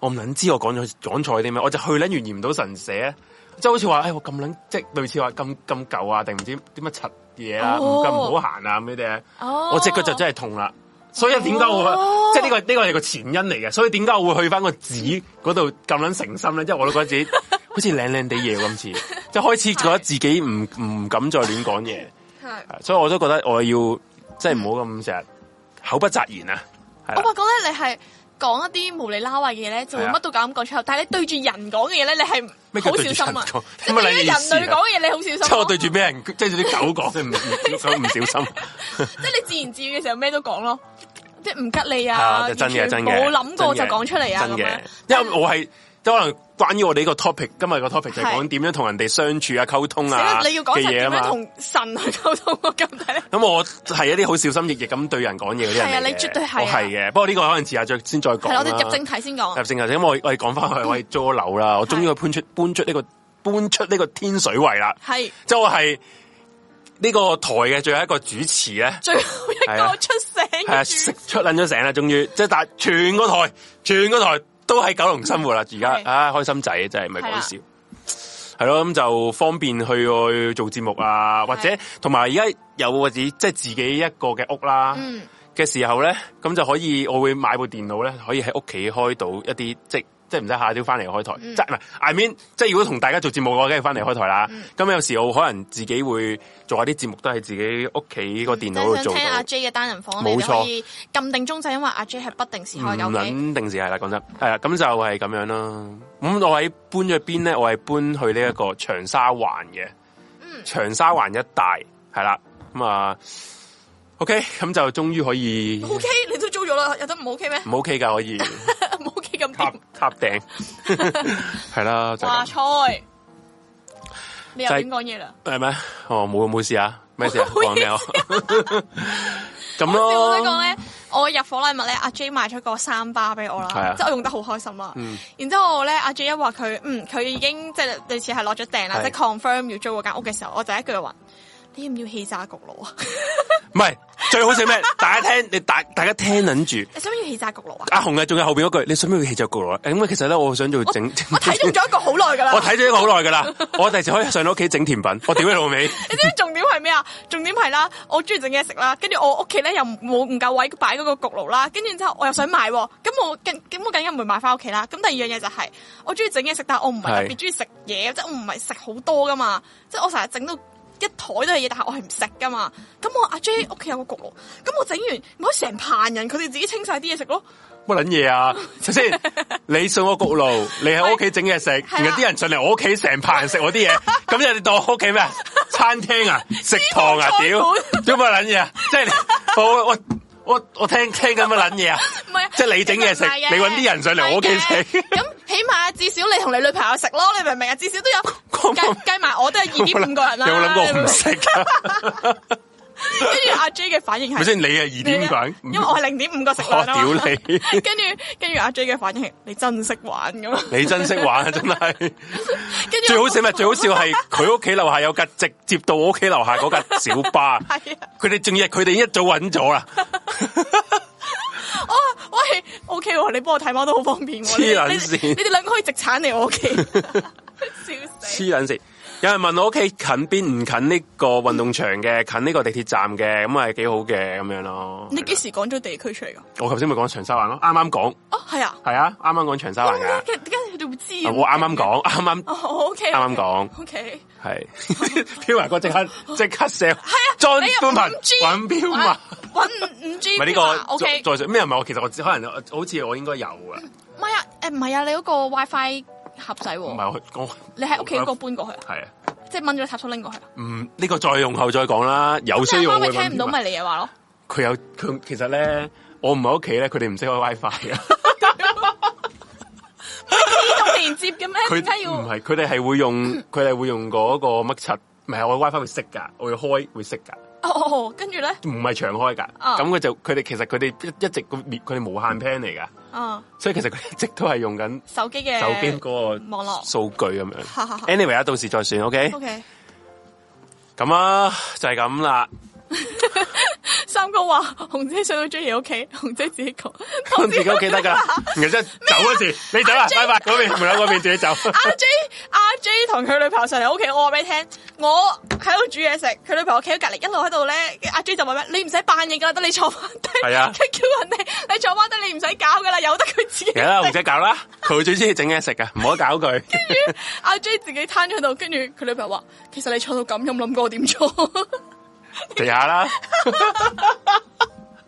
我唔捻知我講咗講錯啲咩，我就去捻完嚴島神社，即係好似話，哎，我咁捻，即係類似話咁咁舊啊，定唔知點乜柒嘢啊，唔、哦、咁好行啊咁嘅啲啊。哦、我隻腳就真係痛啦。哦所以點解我即係呢個呢個係個前因嚟嘅，所以點解我會去翻個紙嗰度咁樣誠心咧？即係我都覺得自己好似靚靚地嘢咁似，即 係開始覺得自己唔唔 敢再亂講嘢，係， 所以我都覺得我要即係唔好咁成日口不擇言啊，係。我覺得你係。講一啲無厘啦壞嘢咧，就會乜都敢講出口。但係你對住人講嘅嘢咧，你係好小心啊！即係你人類講嘢，你好小心。即係、就是啊啊就是、我對住咩人？對住啲狗講，所 以唔小心。即 係、就是、 你自言自語嘅時候什麼說，咩都講咯，即係唔吉利啊！的真嘅真嘅，冇諗過就講出嚟啊！真嘅，因為我係。 即可能關於我哋呢個 topic，今日個 topic 就係講點樣同人哋相處啊、溝通啊嘅嘢啊嘛。你要講神同神去溝通的， 那我咁咁我係一啲好小心翼翼咁對人講嘢嗰啲人。係啊，你絕對係、啊。我係嘅，不過呢個可能遲下再先再講。係、啊、我哋入正題先講。入正題，因為我哋講翻去我哋租咗樓啦，我終於搬出、嗯、搬出呢、這個搬出呢、這個、個天水圍啦。係。即係我係呢個台嘅最後一個主持咧， 最後一個出聲，啊、出撚咗聲啦，終於，即係但係全個台，全個台。.都喺九龍生活啦，而家、okay. 啊開心仔真係唔係講笑，係咯咁就方便去去做節目啊，或者同埋而家有自己即係自己一個嘅屋啦，嘅、mm. 時候咧，咁就可以我會買部電腦咧，可以喺屋企開到一啲即。即係唔使下朝翻嚟開台，嗯、即係唔係？I mean，即係如果同大家做節目嘅話，梗係翻嚟開台啦。咁、嗯、有時候可能自己會做下啲節目，都係自己屋企個電腦度做。嗯、聽阿 J 嘅單人房，冇錯。撳定鐘就係因為阿 J 係不定時開，咁、嗯、肯定、okay? 時係啦，講真係啦。咁就係咁樣啦。咁我喺搬咗邊咧，我係搬，搬去呢一個長沙灣嘅、嗯，長沙灣一帶係啦。咁啊。O K，咁就終於可以。O、okay? K，你都租咗啦，有得唔 O K 咩？唔 O K 噶，可以。唔 O K 咁。塔塔頂，係啦。話錯， 就是、華菜 你又點講嘢啦。係咩？哦，冇冇事啊，咩事？咁 咯。我講咧，我入火禮物咧，阿、啊、J 買咗個三巴俾我啦，即 係我用得好開心啦。然之後咧，阿 J 一話佢，嗯，佢、啊嗯、已經即係、就是、類似係攞咗訂啦，即係 confirm 要租嗰間屋嘅時候，我就一句話。你要唔要氣炸焗爐啊？唔 係最好食咩？ 大家聽你大大家聽諗住。你想唔想要氣炸焗爐啊？阿紅啊，仲有後邊嗰句，你想唔想要氣炸焗爐啊？咁其實咧，我想做整。我睇中咗一個好耐噶啦。 我睇咗一個好耐噶啦。 我第時可以上到屋企整甜品。我屌你老味！ 你知唔知重點係咩啊？重點係啦，我中意整嘢食啦，跟住我屋企咧又冇唔夠位擺嗰個焗爐啦，跟住之後我又想買，咁我咁咁我梗係唔會買翻屋企啦。咁第二樣嘢就係、是、我中意整嘢食，但我唔係特別中意食嘢，即係我唔係食好多噶嘛，即係我成日整到。一台都係嘢，但係我係唔食噶嘛。咁我、mm -hmm. 阿 J 屋企有個焗爐，咁、mm -hmm. 我完、mm -hmm. 可以整完唔好成棚人，佢哋自己清晒啲嘢食咯。乜撚嘢啊？首 先你送我焗爐，你喺屋企整嘢食，然、 啊、後啲人上嚟我屋企成棚人食我啲嘢，咁你哋當屋企咩？餐廳啊， 食堂啊，屌，做乜撚嘢啊？即係我我。我我我我聽聽緊乜捻嘢啊？即係你整嘢食，你搵啲人上嚟我屋企食。咁 起碼至少你同你女朋友食咯，你明唔明啊？至少都有計計埋， 我都係二點五個人啦。你有諗過我唔食？ 跟 住阿 J 嘅反應係，咪先你係二點五？因為我係零點五個食我、哦、屌你！跟住跟住阿 J 嘅反應係，你真識玩咁。 你真識玩啊，真係。 最好笑咪最好笑係，佢屋企樓下有架直接到我屋企樓下嗰架小巴。係 啊。佢哋仲要係佢哋一早搵咗啦。 哦，喂，OK，你幫我睇貓都好方便。黐捻線，你哋兩個可以直鏟嚟我屋企。笑死。黐捻線。有人問我屋企近邊唔近呢個運動場嘅，近呢個地鐵站嘅，咁咪幾好嘅咁樣咯。你幾時講咗地區出嚟噶？我頭先咪講長沙灣咯，啱啱講。哦，係啊，係啊，啱啱講長沙灣噶。點解佢都會知啊？我啱啱講，啱啱。哦，O K。啱啱講。O、okay. K。係。 飄雲哥即刻即刻射。係啊。再冠鵬。揾飄五 G。五 G、啊。唔係呢個。O、okay. K。上咩唔係我其實我，其實我可能好似我應該有、嗯、啊。唔係啊，誒唔係啊，你嗰個 WiFi。盒仔唔、哦、係我，我，你喺屋企嗰個搬過去，係啊，即係掹咗插蘇拎過去。嗯，呢、這個再用後再講啦。有需要咪聽唔到咪你嘢話咯。佢有佢其實咧，我唔喺屋企咧，佢哋唔識開 WiFi 噶 用連接嘅咩？解要唔係？佢哋係會用，佢哋會用嗰、那個乜柒？唔係 我 WiFi 會熄噶，我會開會熄噶。哦、oh, 哦，跟住咧，唔係長開噶。咁、oh. 佢就佢哋其實佢哋一直佢哋無限 plan 嚟噶。嗯，所以其實佢一直都係用緊手機嘅手機嗰個網絡數據咁樣。Anyway 啊，到時再算。OK。OK。咁啊，就係咁啦。 三哥話：紅姐上到 J Y 屋企，紅姐自己講，自己焗得噶。然之後走嗰時、啊，你走啦、啊，拜拜。嗰邊唔喺，嗰邊自己走。阿 J 阿 J 同佢女朋友上嚟屋企，我話俾你聽，我喺度煮嘢食，佢女朋友企喺隔籬，一路喺度咧。阿 J 就話咩？你唔使扮嘢噶，得你坐翻低。係 啊，叫人哋你坐翻低，你唔使搞噶啦，由得佢自己。由 啦，紅姐搞啦，佢最中意整嘢食噶，唔好搞佢。 跟住阿 J 自己攤喺度，跟住佢女朋友話：其實你坐到咁，有冇諗過我點坐？ 地下啦，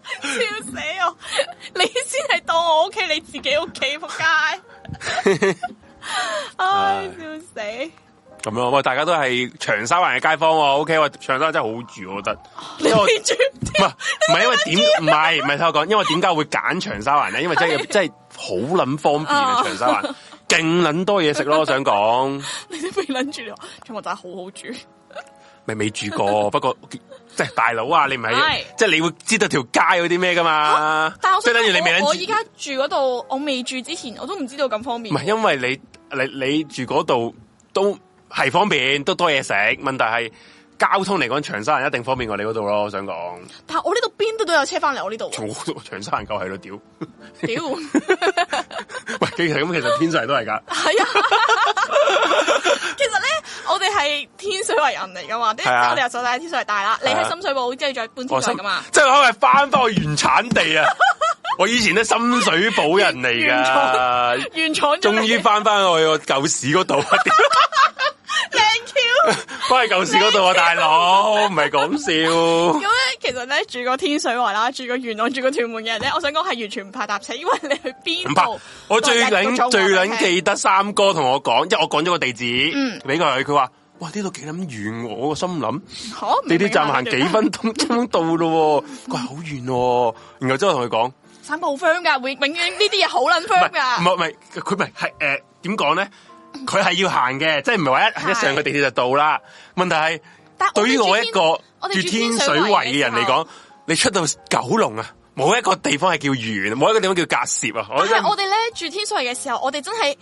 笑死我！你先係當我屋企，你自己屋企仆街， 唉，笑死！咁樣喂，大家都係長沙灣嘅街坊，O K，我長沙灣真係好住，我覺得。諗住唔係唔係因為點唔係唔係聽我講，因為點解會揀長沙灣咧？因為真係真係好捻方便啊！長沙灣勁捻多嘢食咯，我想講。你都未諗住，長沙灣真係好好住。咪未住過， 不過即係大佬啊！你唔係，即係你會知道條街有啲咩噶嘛？即、啊、係等於你未我依家住嗰度，我未住，住之前我都唔知道咁方便。唔係因為你你你住嗰度都係方便，都多嘢食。問題係。交通嚟講，長沙人一定方便過你嗰度咯，我想講。但係我呢度邊度都有車翻嚟，我呢度。我長沙人夠喺度屌屌。喂，其實咁其實天水都係噶。係啊。其實咧，我哋係天水圍人嚟噶嘛？啲壓又就是，我所大，天水大啦，啊。你喺深水埗，即係再搬出嚟噶嘛？即係可唔可以翻翻去原產地啊？ 我以前都深水埗人嚟㗎， 原廠終於翻翻去個舊市嗰度，靚俏，翻去舊市嗰度啊，大佬唔係講笑。咁咧，其實咧住過天水圍啦，住過元朗，住過屯門嘅人咧， 我想講係完全唔怕搭車，因為你去邊。唔怕，我最緊 最緊記得三哥同我講，因為我講咗個地址，美俾佢，佢話哇呢度幾咁遠，我個心諗，好、哦，地鐵、啊、站行幾分鐘鐘到咯，佢話好遠，然後之後同佢講。生好 friend 噶，會永遠、呃、呢啲嘢好撚 firm 噶。唔係唔係，佢唔係係誒，點講咧？佢係要行嘅，即係唔係話一一上個地鐵就到啦。問題係，對於我一個住天水圍嘅人嚟講，你出到九龍啊，冇一個地方係叫遠，冇一個地方叫隔攝啊。因係我哋咧住天水圍嘅時候，我哋真係。